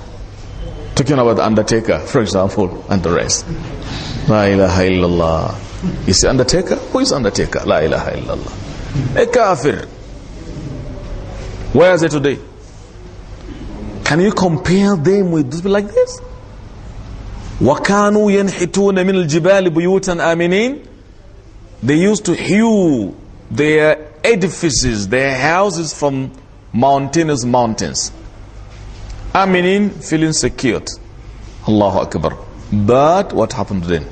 Speaker 1: Talking about the Undertaker, for example, and the rest. La ilaha illallah. You see Undertaker? Who is Undertaker? La ilaha illallah. A kafir. Where is it today? Can you compare them with people like this? وَكَانُوا يَنْحِتُونَ مِنَ الْجِبَالِ بُيُوتًا آمِنِينَ They used to hew their edifices, their houses from mountainous mountains. Aminin feeling secured. Allahu Akbar. But what happened then? them?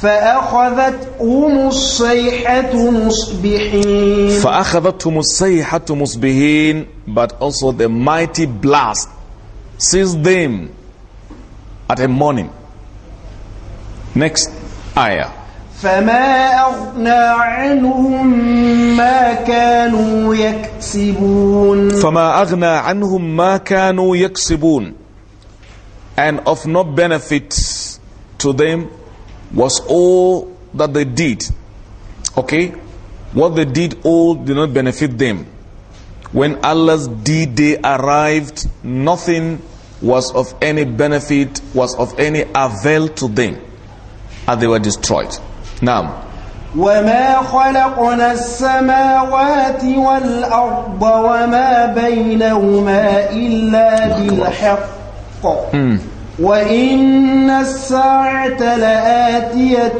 Speaker 1: فأخذتهم الصيحة
Speaker 2: مصبحين
Speaker 1: فأخذتهم الصيحة مصبحين But also the mighty blast seized them at a morning. Next ayah. فما
Speaker 2: أغنى عنهم ما كانوا يكسبون
Speaker 1: فما أغنى عنهم ما كانوا يكسبون and of no benefit to them was all that they did okay what they did all did not benefit them when Allah's D day arrived nothing was of any benefit was of any avail to them and they were destroyed. Naam.
Speaker 2: وما خلقنا السماوات والأرض وما بينهما إلا بالحق hmm. وإن الساعة لآتية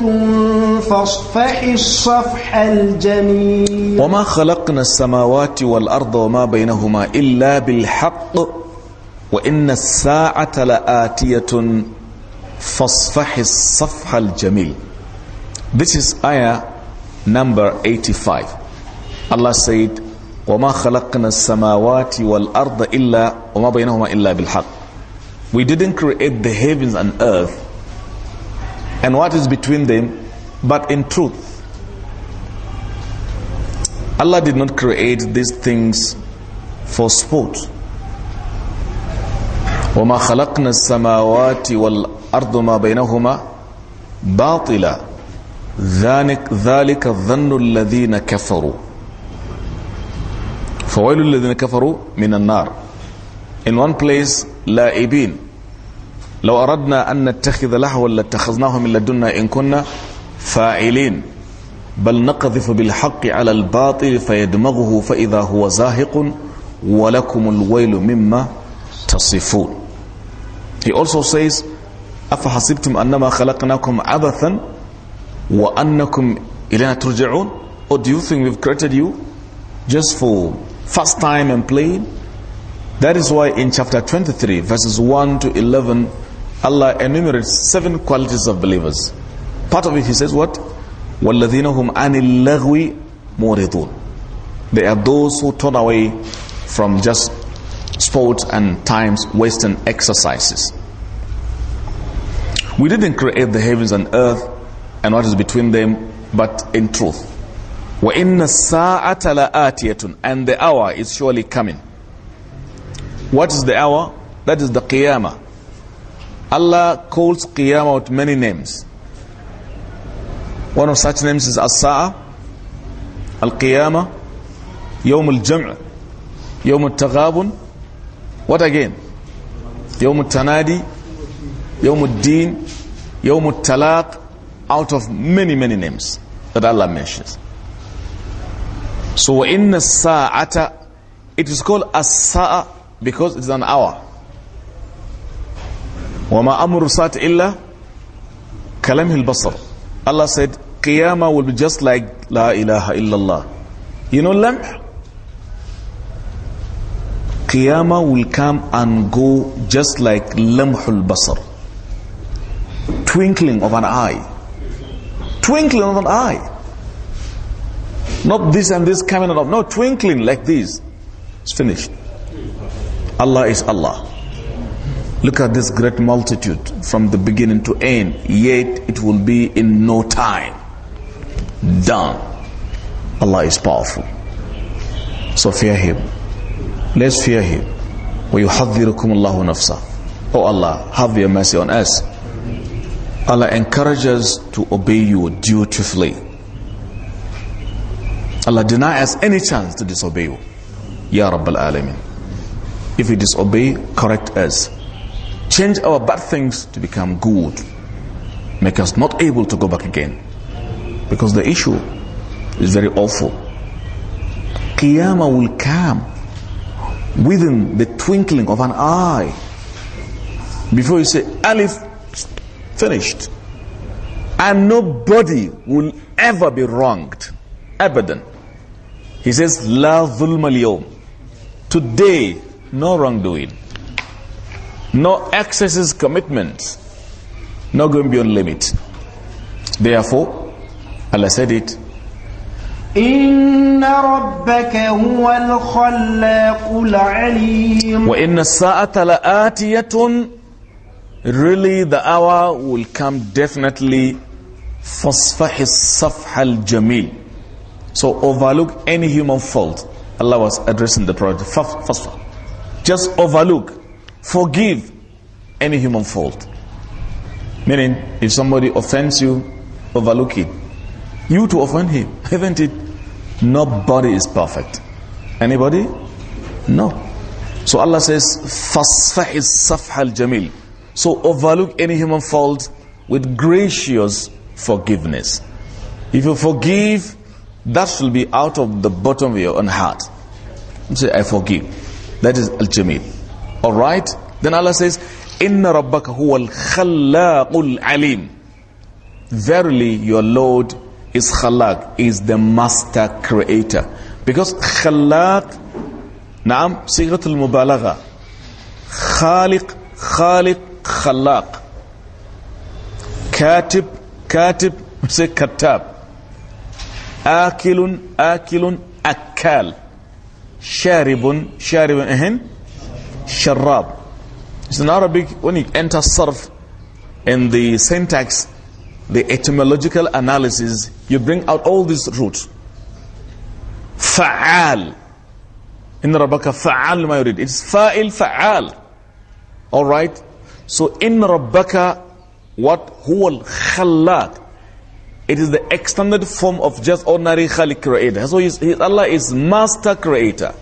Speaker 2: فاصفح الصفح الجميل وما
Speaker 1: خلقنا السماوات والأرض وما بينهما إلا بالحق وإن الساعة لآتية فَاصْفَحِ الصَّفْحَ الْجَمِيلِ This is ayah number 85. Allah said, وَمَا خَلَقْنَا السَّمَاوَاتِ وَالْأَرْضَ إِلَّا وَمَا بَيْنَهُمَا إِلَّا بِالْحَقِّ We didn't create the heavens and earth and what is between them but in truth. Allah did not create these things for sport. وَمَا خَلَقْنَا السَّمَاوَاتِ وَالْأَرْضَ أرض ما بينهما باطلا ذلك ذلك الظن الذين كفروا فويل الذين كفروا من النار in one place لائبين لو أردنا أن نتخذ لهوا لاتخذناه من لدنا إن كنا فاعلين بل نقذف بالحق على الباطل فيدمغه فإذا هو زاهق ولكم الويل مما تصفون He also says أفحسبتم أنما خلقناكم عبثا وأنكم إلينا ترجعون Or do you think we've created you just for fast time and playing? That is why in chapter 23 verses 1 to 11 Allah enumerates seven qualities of believers. Part of it he says what? وَالَّذِينَ هُمْ عَنِ اللَّغْوِ مُورِضُونَ They are those who turn away from just sports and times wasting exercises. We didn't create the heavens and earth and what is between them, but in truth. وَإِنَّ السَّاعَةَ لَآتِيَةٌ And the hour is surely coming. What is the hour? That is the Qiyamah. Allah calls Qiyamah with many names. One of such names is As-Sa'ah, Al-Qiyamah, Yawm Al-Jam'ah, Yawm Al-Taghabun. What again? Yawm Al-Tanadi, Yawm Al-Din, Yawmut Talaq out of many, many names that Allah mentions. So in Sa'ata, it is called As-Sa'a because it's an hour. وَمَا أَمْرُ سَاتِ إِلَّا كَلَمْهِ الْبَصَرِ Allah said, Qiyamah will be just like La ilaha illallah. You know lamp? Qiyamah will come and go just like lamhul basar twinkling of an eye. Twinkling of an eye. Not this and this coming out of. No, twinkling like this. It's finished. Allah is Allah. Look at this great multitude from the beginning to end. Yet it will be in no time. Done. Allah is powerful. So fear Him. Let's fear Him. وَيُحَذِّرُكُمُ اللَّهُ نَفْسَهُ Oh Allah, have your mercy on us. Allah encourages to obey you dutifully. Allah deny us any chance to disobey you. Ya Rabbal Alameen. If we disobey, correct us. Change our bad things to become good. Make us not able to go back again. Because the issue is very awful. Qiyamah will come within the twinkling of an eye. Before you say Alif Finished. And nobody will ever be wronged. Abadan. He says, La dhulma Today, no wrongdoing. No excesses commitment. No going beyond limit. Therefore, Allah said it,
Speaker 2: إن ربك هو الخلاق العليم
Speaker 1: وإن الساعة لآتية really the hour will come definitely فَصْفَحِ So overlook any human fault. Allah was addressing the Prophet. Just overlook, forgive any human fault. Meaning, if somebody offends you, overlook it. You to offend him, haven't it? Nobody is perfect. Anybody? No. So Allah says, is Safhal Jamil." So overlook any human fault with gracious forgiveness. If you forgive, that should be out of the bottom of your own heart. You say, I forgive. That alchemy. Alright? Then Allah says, Inna rabbaka huwa al-khallaqul alim. Verily, your Lord is khalaq, is the master creator. Because khalaq, naam, sigatul mubalagha. Khaliq, khaliq, Khalaq. Katib, Katib, say Katab. Akilun, Akilun, Akal. Sharibun, Sharibun, ahin, eh, eh? Sharab. It's an Arabic, when you enter Sarf in the syntax, the etymological analysis, you bring out all these roots. Fa'al. In Rabaka, fa'al ma yurid. It's fa'il, fa'al. All right? So in Rabbaka, what? Huwal Khalaq. It is the extended form of just ordinary Khalik creator. So his, Allah is master creator.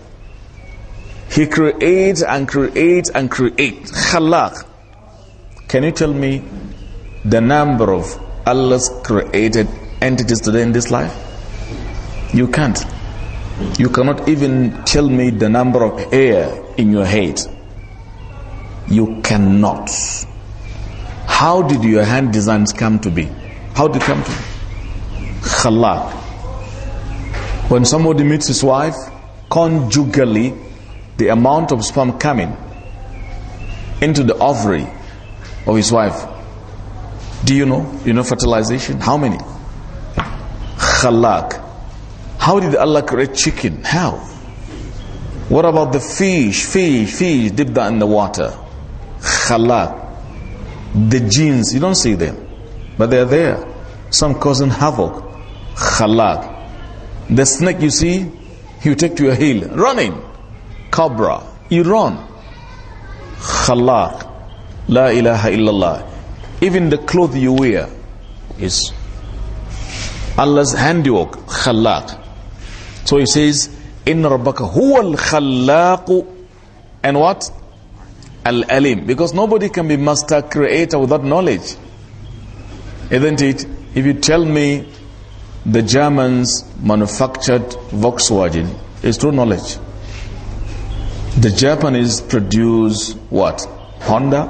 Speaker 1: He creates and creates and creates. Khalaq. Can you tell me the number of Allah's created entities today in this life? You can't. You cannot even tell me the number of air in your head. You cannot. How did your hand designs come to be? How did it come to be? Khalak. When somebody meets his wife, conjugally, the amount of sperm coming into the ovary of his wife. Do you know? You know fertilization? How many? Khalak. How did Allah create chicken? How? What about the fish? Fish, fish, dip that in the water. Khalaq. The genes, you don't see them, but they're there. Some causing havoc. Khalaq. The snake you see, you take to your heel, running. Cobra, you run. Khalaq. La ilaha illallah. Even the cloth you wear is Allah's handiwork, khalaq. So he says, إِنَّ رَبَّكَ هُوَ الْخَلَّاقُ And what? Al-Alim. Because nobody can be master creator without knowledge. Isn't it? If you tell me the Germans manufactured Volkswagen, it's true knowledge. The Japanese produce what? Honda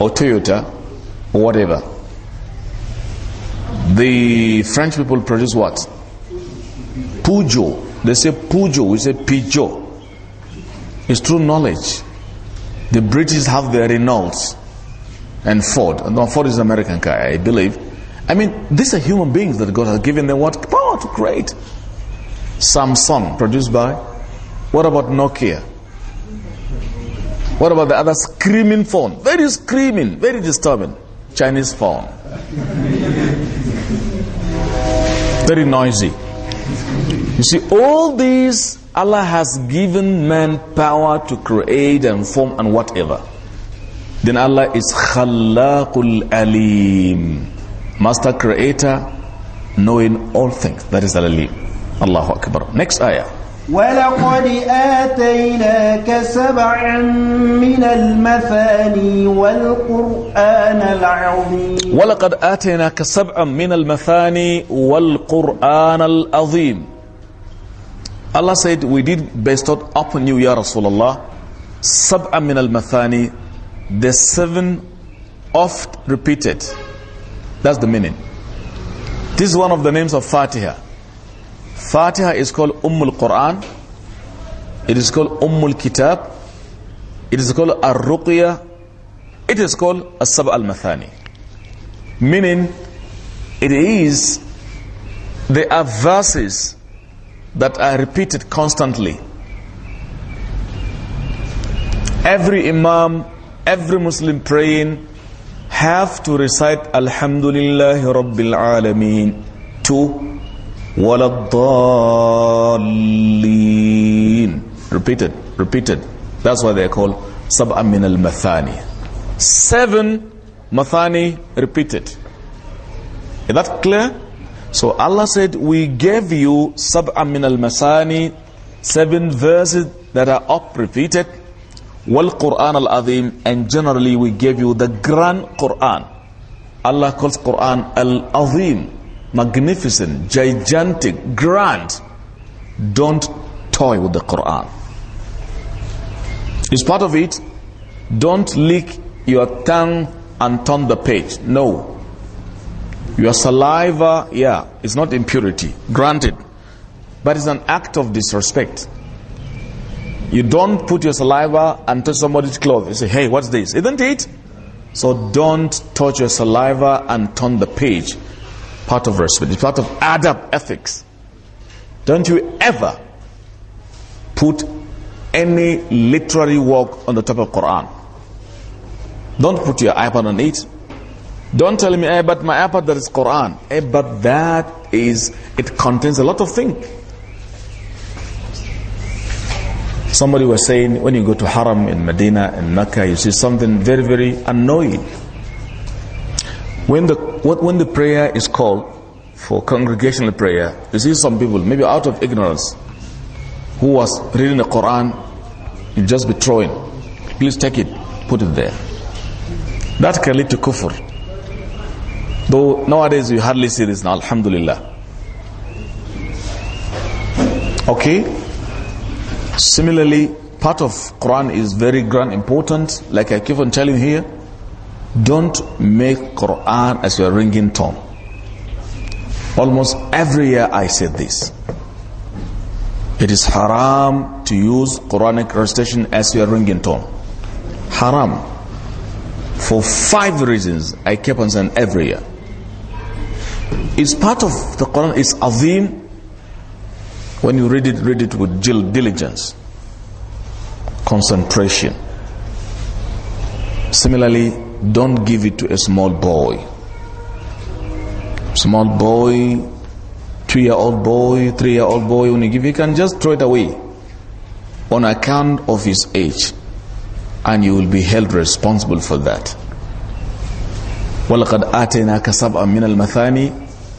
Speaker 1: or Toyota or whatever. The French people produce what? Peugeot. They say Peugeot, we say Peugeot. It's true knowledge. The British have their Renaults and Ford. No, Ford is an American car, I believe. I mean, these are human beings that God has given them what? Power to create. Samsung, produced by? What about Nokia? What about the other screaming phone? Very screaming, very disturbing. Chinese phone. very noisy. You see, all these Allah has given man power to create and form and whatever. Then Allah is Khalaqul Alim, Master Creator, knowing all things. That is Al Alim. Allahu Akbar. Next ayah.
Speaker 2: ولقد آتيناك سبعا من المثاني والقرآن العظيم
Speaker 1: ولقد آتيناك سبعا من المثاني والقرآن العظيم Allah said, We did bestow upon you, Ya Rasulullah, Sab'a min al mathani, the seven oft repeated. That's the meaning. This is one of the names of Fatiha. Fatiha is called Ummul Quran, it is called Ummul Kitab, it is called Ar Ruqya, it is called As Sab al Mathani. Meaning, it is, there are verses that I repeat it constantly. Every Imam, every Muslim praying have to recite Alhamdulillah Rabbil Alameen to Waladdallin. Repeated, repeated. That's why they called Sab'a min al-Mathani. Seven Mathani repeated. Is that clear? So Allah said, we gave you sab'a min al-masani, seven verses that are up repeated, wal Quran al-azim, and generally we gave you the grand Quran. Allah calls Quran al-azim, magnificent, gigantic, grand. Don't toy with the Quran. It's part of it. Don't lick your tongue and turn the page. No. Your saliva, yeah, it's not impurity, granted. But it's an act of disrespect. You don't put your saliva and touch somebody's clothes. You say, hey, what's this? Isn't it? So don't touch your saliva and turn the page. Part of respect. It's part of adab ethics. Don't you ever put any literary work on the top of Quran. Don't put your iPad on it. Don't tell me, hey, eh, but my iPad, that is Quran. Hey, eh, but that is, it contains a lot of things. Somebody was saying, when you go to Haram in Medina and Mecca, you see something very, very annoying. When the, when the prayer is called for congregational prayer, you see some people, maybe out of ignorance, who was reading the Quran, you just be throwing. Please take it, put it there. That can lead to kufr. Though nowadays we hardly see this now, alhamdulillah. Okay? Similarly, part of Quran is very grand important. Like I keep on telling here, don't make Quran as your ringing tone. Almost every year I said this. It is haram to use Quranic recitation as your ringing tone. Haram. For five reasons I keep on saying every year is part of the Quran is azim. When you read it, read it with diligence, concentration. Similarly, don't give it to a small boy. Small boy, two-year-old boy, three-year-old boy, when you give, you can just throw it away on account of his age. And you will be held responsible for that. وَلَقَدْ آتَيْنَاكَ سَبْعًا مِنَ الْمَثَانِي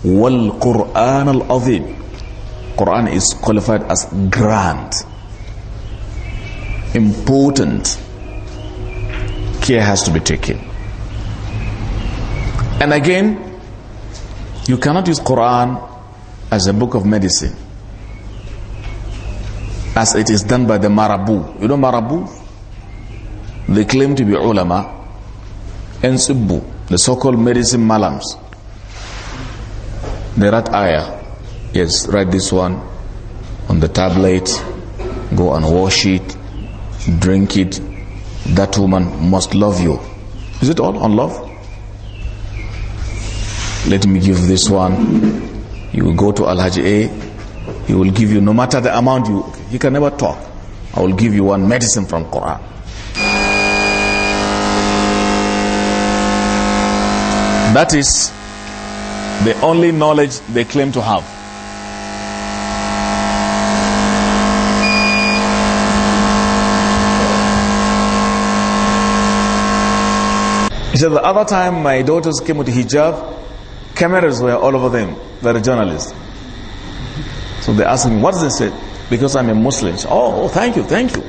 Speaker 1: وَالْقُرْآنَ الْعَظِيمِ Quran is qualified as grand, important. Care has to be taken. And again, you cannot use Quran as a book of medicine, as it is done by the Marabu. You know Marabu? They claim to be ulama and Subbu the so-called medicine malams. The rat ayah. Yes, write this one on the tablet. Go and wash it. Drink it. That woman must love you. Is it all on love? Let me give this one. You will go to Alhaji A. He will give you, no matter the amount you, he can never talk. I will give you one medicine from Quran. That is the only knowledge they claim to have. He said, the other time my daughters came with hijab, cameras were all over them. They're journalists. So they asked me, what is it? Because I'm a Muslim. oh, oh, thank you, thank you.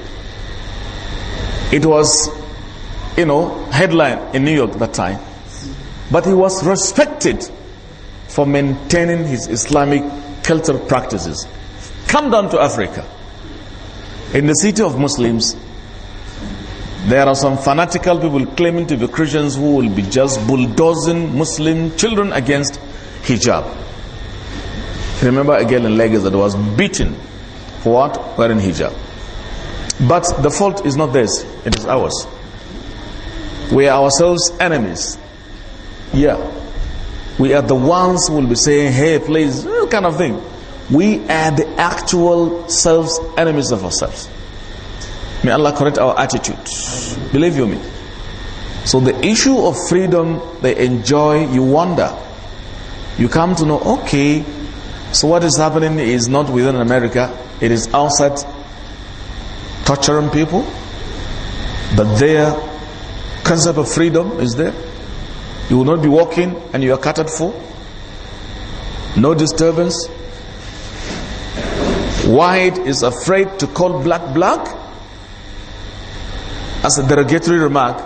Speaker 1: It was, you know, headline in New York that time. But he was respected for maintaining his Islamic cultural practices. Come down to Africa. In the city of Muslims, there are some fanatical people claiming to be Christians who will be just bulldozing Muslim children against hijab. Remember a girl in Lagos that was beaten for what? Wearing hijab. But the fault is not theirs, it is ours. We are ourselves enemies yeah. We are the ones who will be saying, hey, please, kind of thing. We are the actual selves, enemies of ourselves. May Allah correct our attitude. Believe you me. So the issue of freedom they enjoy, you wonder. You come to know, okay, so what is happening is not within America, it is outside torturing people. But their concept of freedom is there. You will not be walking and you are catered for. No disturbance. White is afraid to call black black as a derogatory remark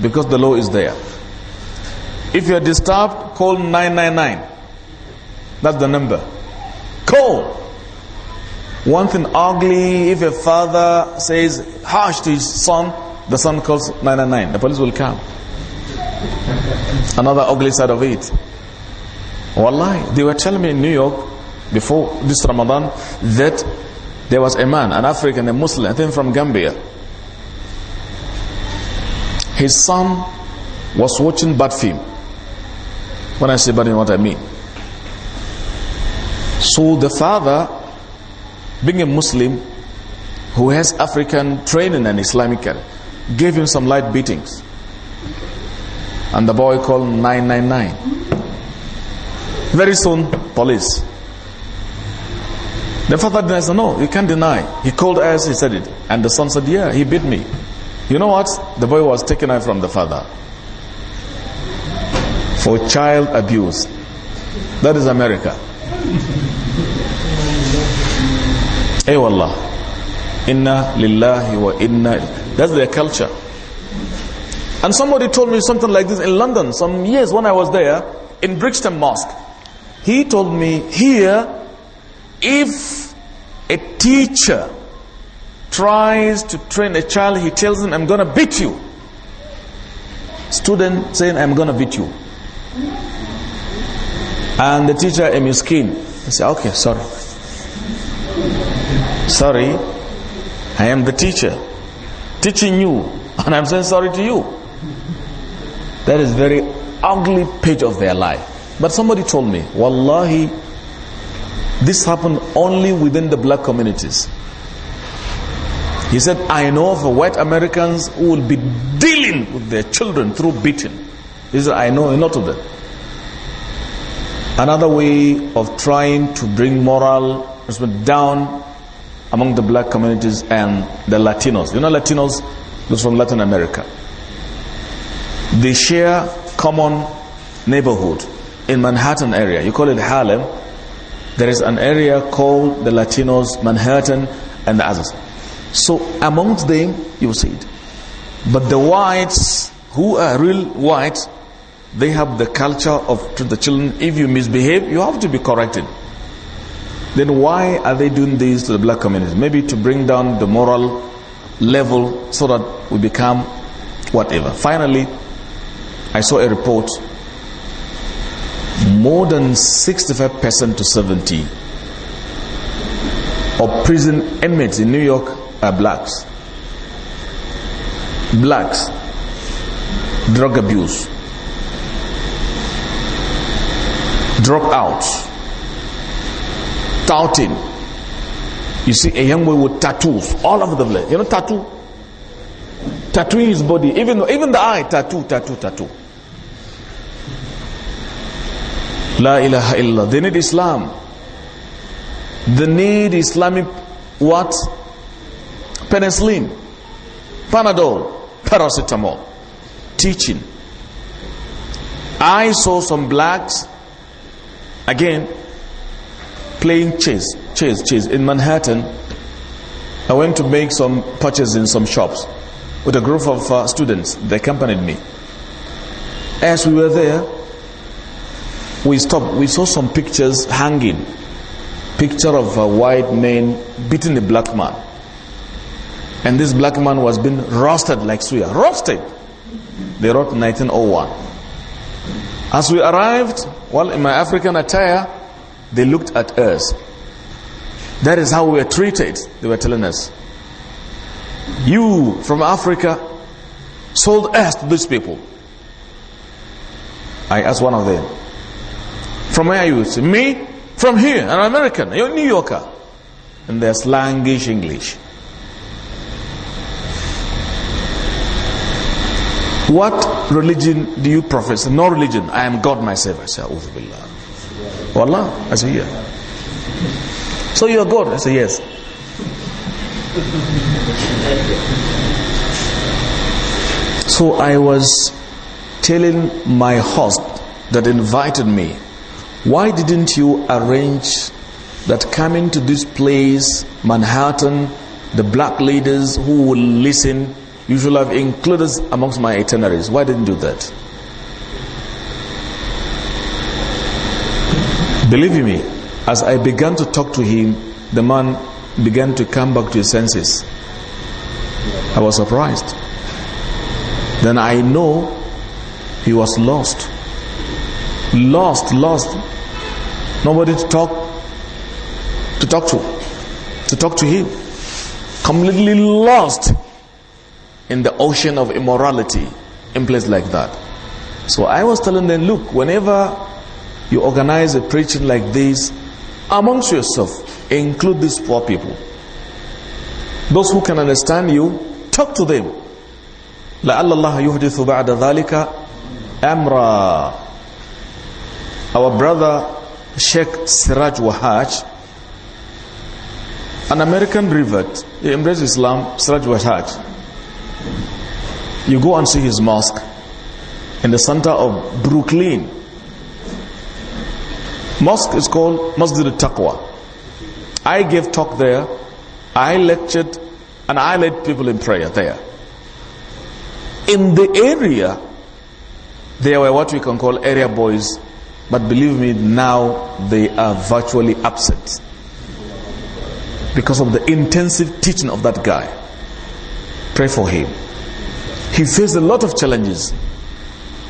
Speaker 1: because the law is there. If you are disturbed, call 999. That's the number. Call. One thing ugly, if a father says harsh to his son, the son calls 999. The police will come. Another ugly side of it. Wallahi, they were telling me in New York before this Ramadan that there was a man, an African, a Muslim, I think from Gambia. His son was watching bad film. When I say bad, you know what I mean. So the father, being a Muslim who has African training and Islamic, gave him some light beatings. And the boy called 999. Very soon, police. The father denies, no, you can't deny. He called us, he said it. And the son said, yeah, he beat me. You know what? The boy was taken away from the father. For child abuse. That is America. Ay wallah. Inna lillahi wa inna. That's their culture. And somebody told me something like this in London some years when I was there in Brixton Mosque. He told me here, if a teacher tries to train a child, he tells him, I'm going to beat you. Student saying, I'm going to beat you. And the teacher, "I'm your skin." He say, okay, sorry. Sorry, I am the teacher. Teaching you. And I'm saying sorry to you. That is very ugly page of their life. But somebody told me, Wallahi, this happened only within the black communities. He said, I know of white Americans who will be dealing with their children through beating. He said, I know a lot of them. Another way of trying to bring moral down among the black communities and the Latinos. You know Latinos those from Latin America. They share common neighborhood in Manhattan area. You call it Harlem. There is an area called the Latinos, Manhattan, and others. So amongst them, you see it. But the whites, who are real whites, they have the culture of to the children. If you misbehave, you have to be corrected. Then why are they doing this to the black community? Maybe to bring down the moral level so that we become whatever. Finally, I saw a report more than 65% to 70 of prison inmates in New York are blacks. Blacks, drug abuse, drug out, touting. You see a young boy with tattoos all over the place. You know tattoo? Tattooing his body, even even the eye, tattoo, tattoo, tattoo. La ilaha illa. They need Islam. They need Islamic what? Penicillin, Panadol, paracetamol. Teaching. I saw some blacks again playing chess, chess, chess in Manhattan. I went to make some purchases in some shops with a group of uh, students. They accompanied me. As we were there, we stopped. We saw some pictures hanging. Picture of a white man beating a black man. And this black man was being roasted like suya. Roasted! They wrote 1901. As we arrived, well, in my African attire, they looked at us. That is how we were treated, they were telling us. You from Africa sold us to these people. I asked one of them, from where are you? Say, me? From here, an American, you're a New Yorker. they're slangish English. What religion do you profess? No religion. I am God myself. I say, A'udhu Billah. Allah? I say, yeah. So you are God? I say, yes. So I was telling my host that invited me why didn't you arrange that coming to this place, Manhattan, the black leaders who will listen, you should have included us amongst my itineraries. Why didn't you do that? Believe me, as I began to talk to him, the man began to come back to his senses. I was surprised. Then I know he was lost lost, lost. Nobody to talk to talk to, to talk to him. Completely lost in the ocean of immorality in place like that. So I was telling them, look, whenever you organize a preaching like this, amongst yourself, include these poor people. Those who can understand you, talk to them. لَعَلَّ اللَّهَ يُحْدِثُ بَعْدَ ذَلِكَ أَمْرًا our brother Sheikh Siraj Wahaj, an American revert, he embraced Islam, Siraj Wahaj. You go and see his mosque in the center of Brooklyn. Mosque is called Masjid al-Taqwa. I gave talk there, I lectured, and I led people in prayer there. In the area, there were what we can call area boys but believe me, now they are virtually upset because of the intensive teaching of that guy. Pray for him. He faced a lot of challenges,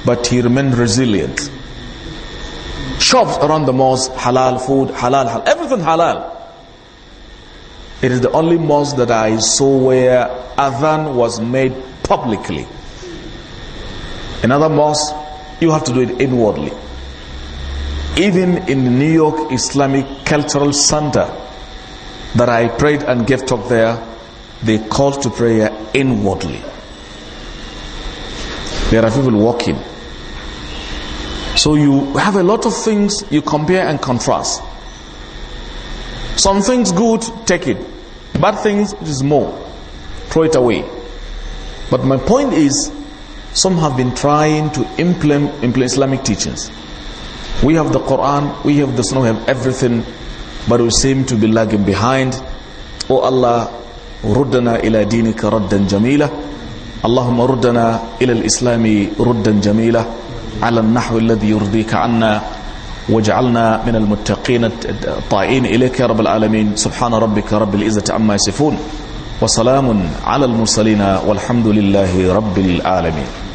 Speaker 1: but he remained resilient. Shops around the mosque, halal food, halal, halal everything halal. It is the only mosque that I saw where adhan was made publicly. Another mosque, you have to do it inwardly even in the New York Islamic Cultural Center that I prayed and gave talk there, they call to prayer inwardly. There are people walking. So you have a lot of things you compare and contrast. Some things good, take it. Bad things, it is more. Throw it away. But my point is, some have been trying to implement, implement Islamic teachings. We have the Quran, we have the Sunnah, we have everything, but we seem to be lagging behind. O oh Allah, ruddana ila dinika raddan jamila. Allahum ruddana ila al-islami raddan jamila. Ala al-nahwi alladhi yurdika anna. واجعلنا من المتقين الطائعين اليك يا رب العالمين سبحان ربك رب العزه عما يصفون وسلام على المرسلين والحمد لله رب العالمين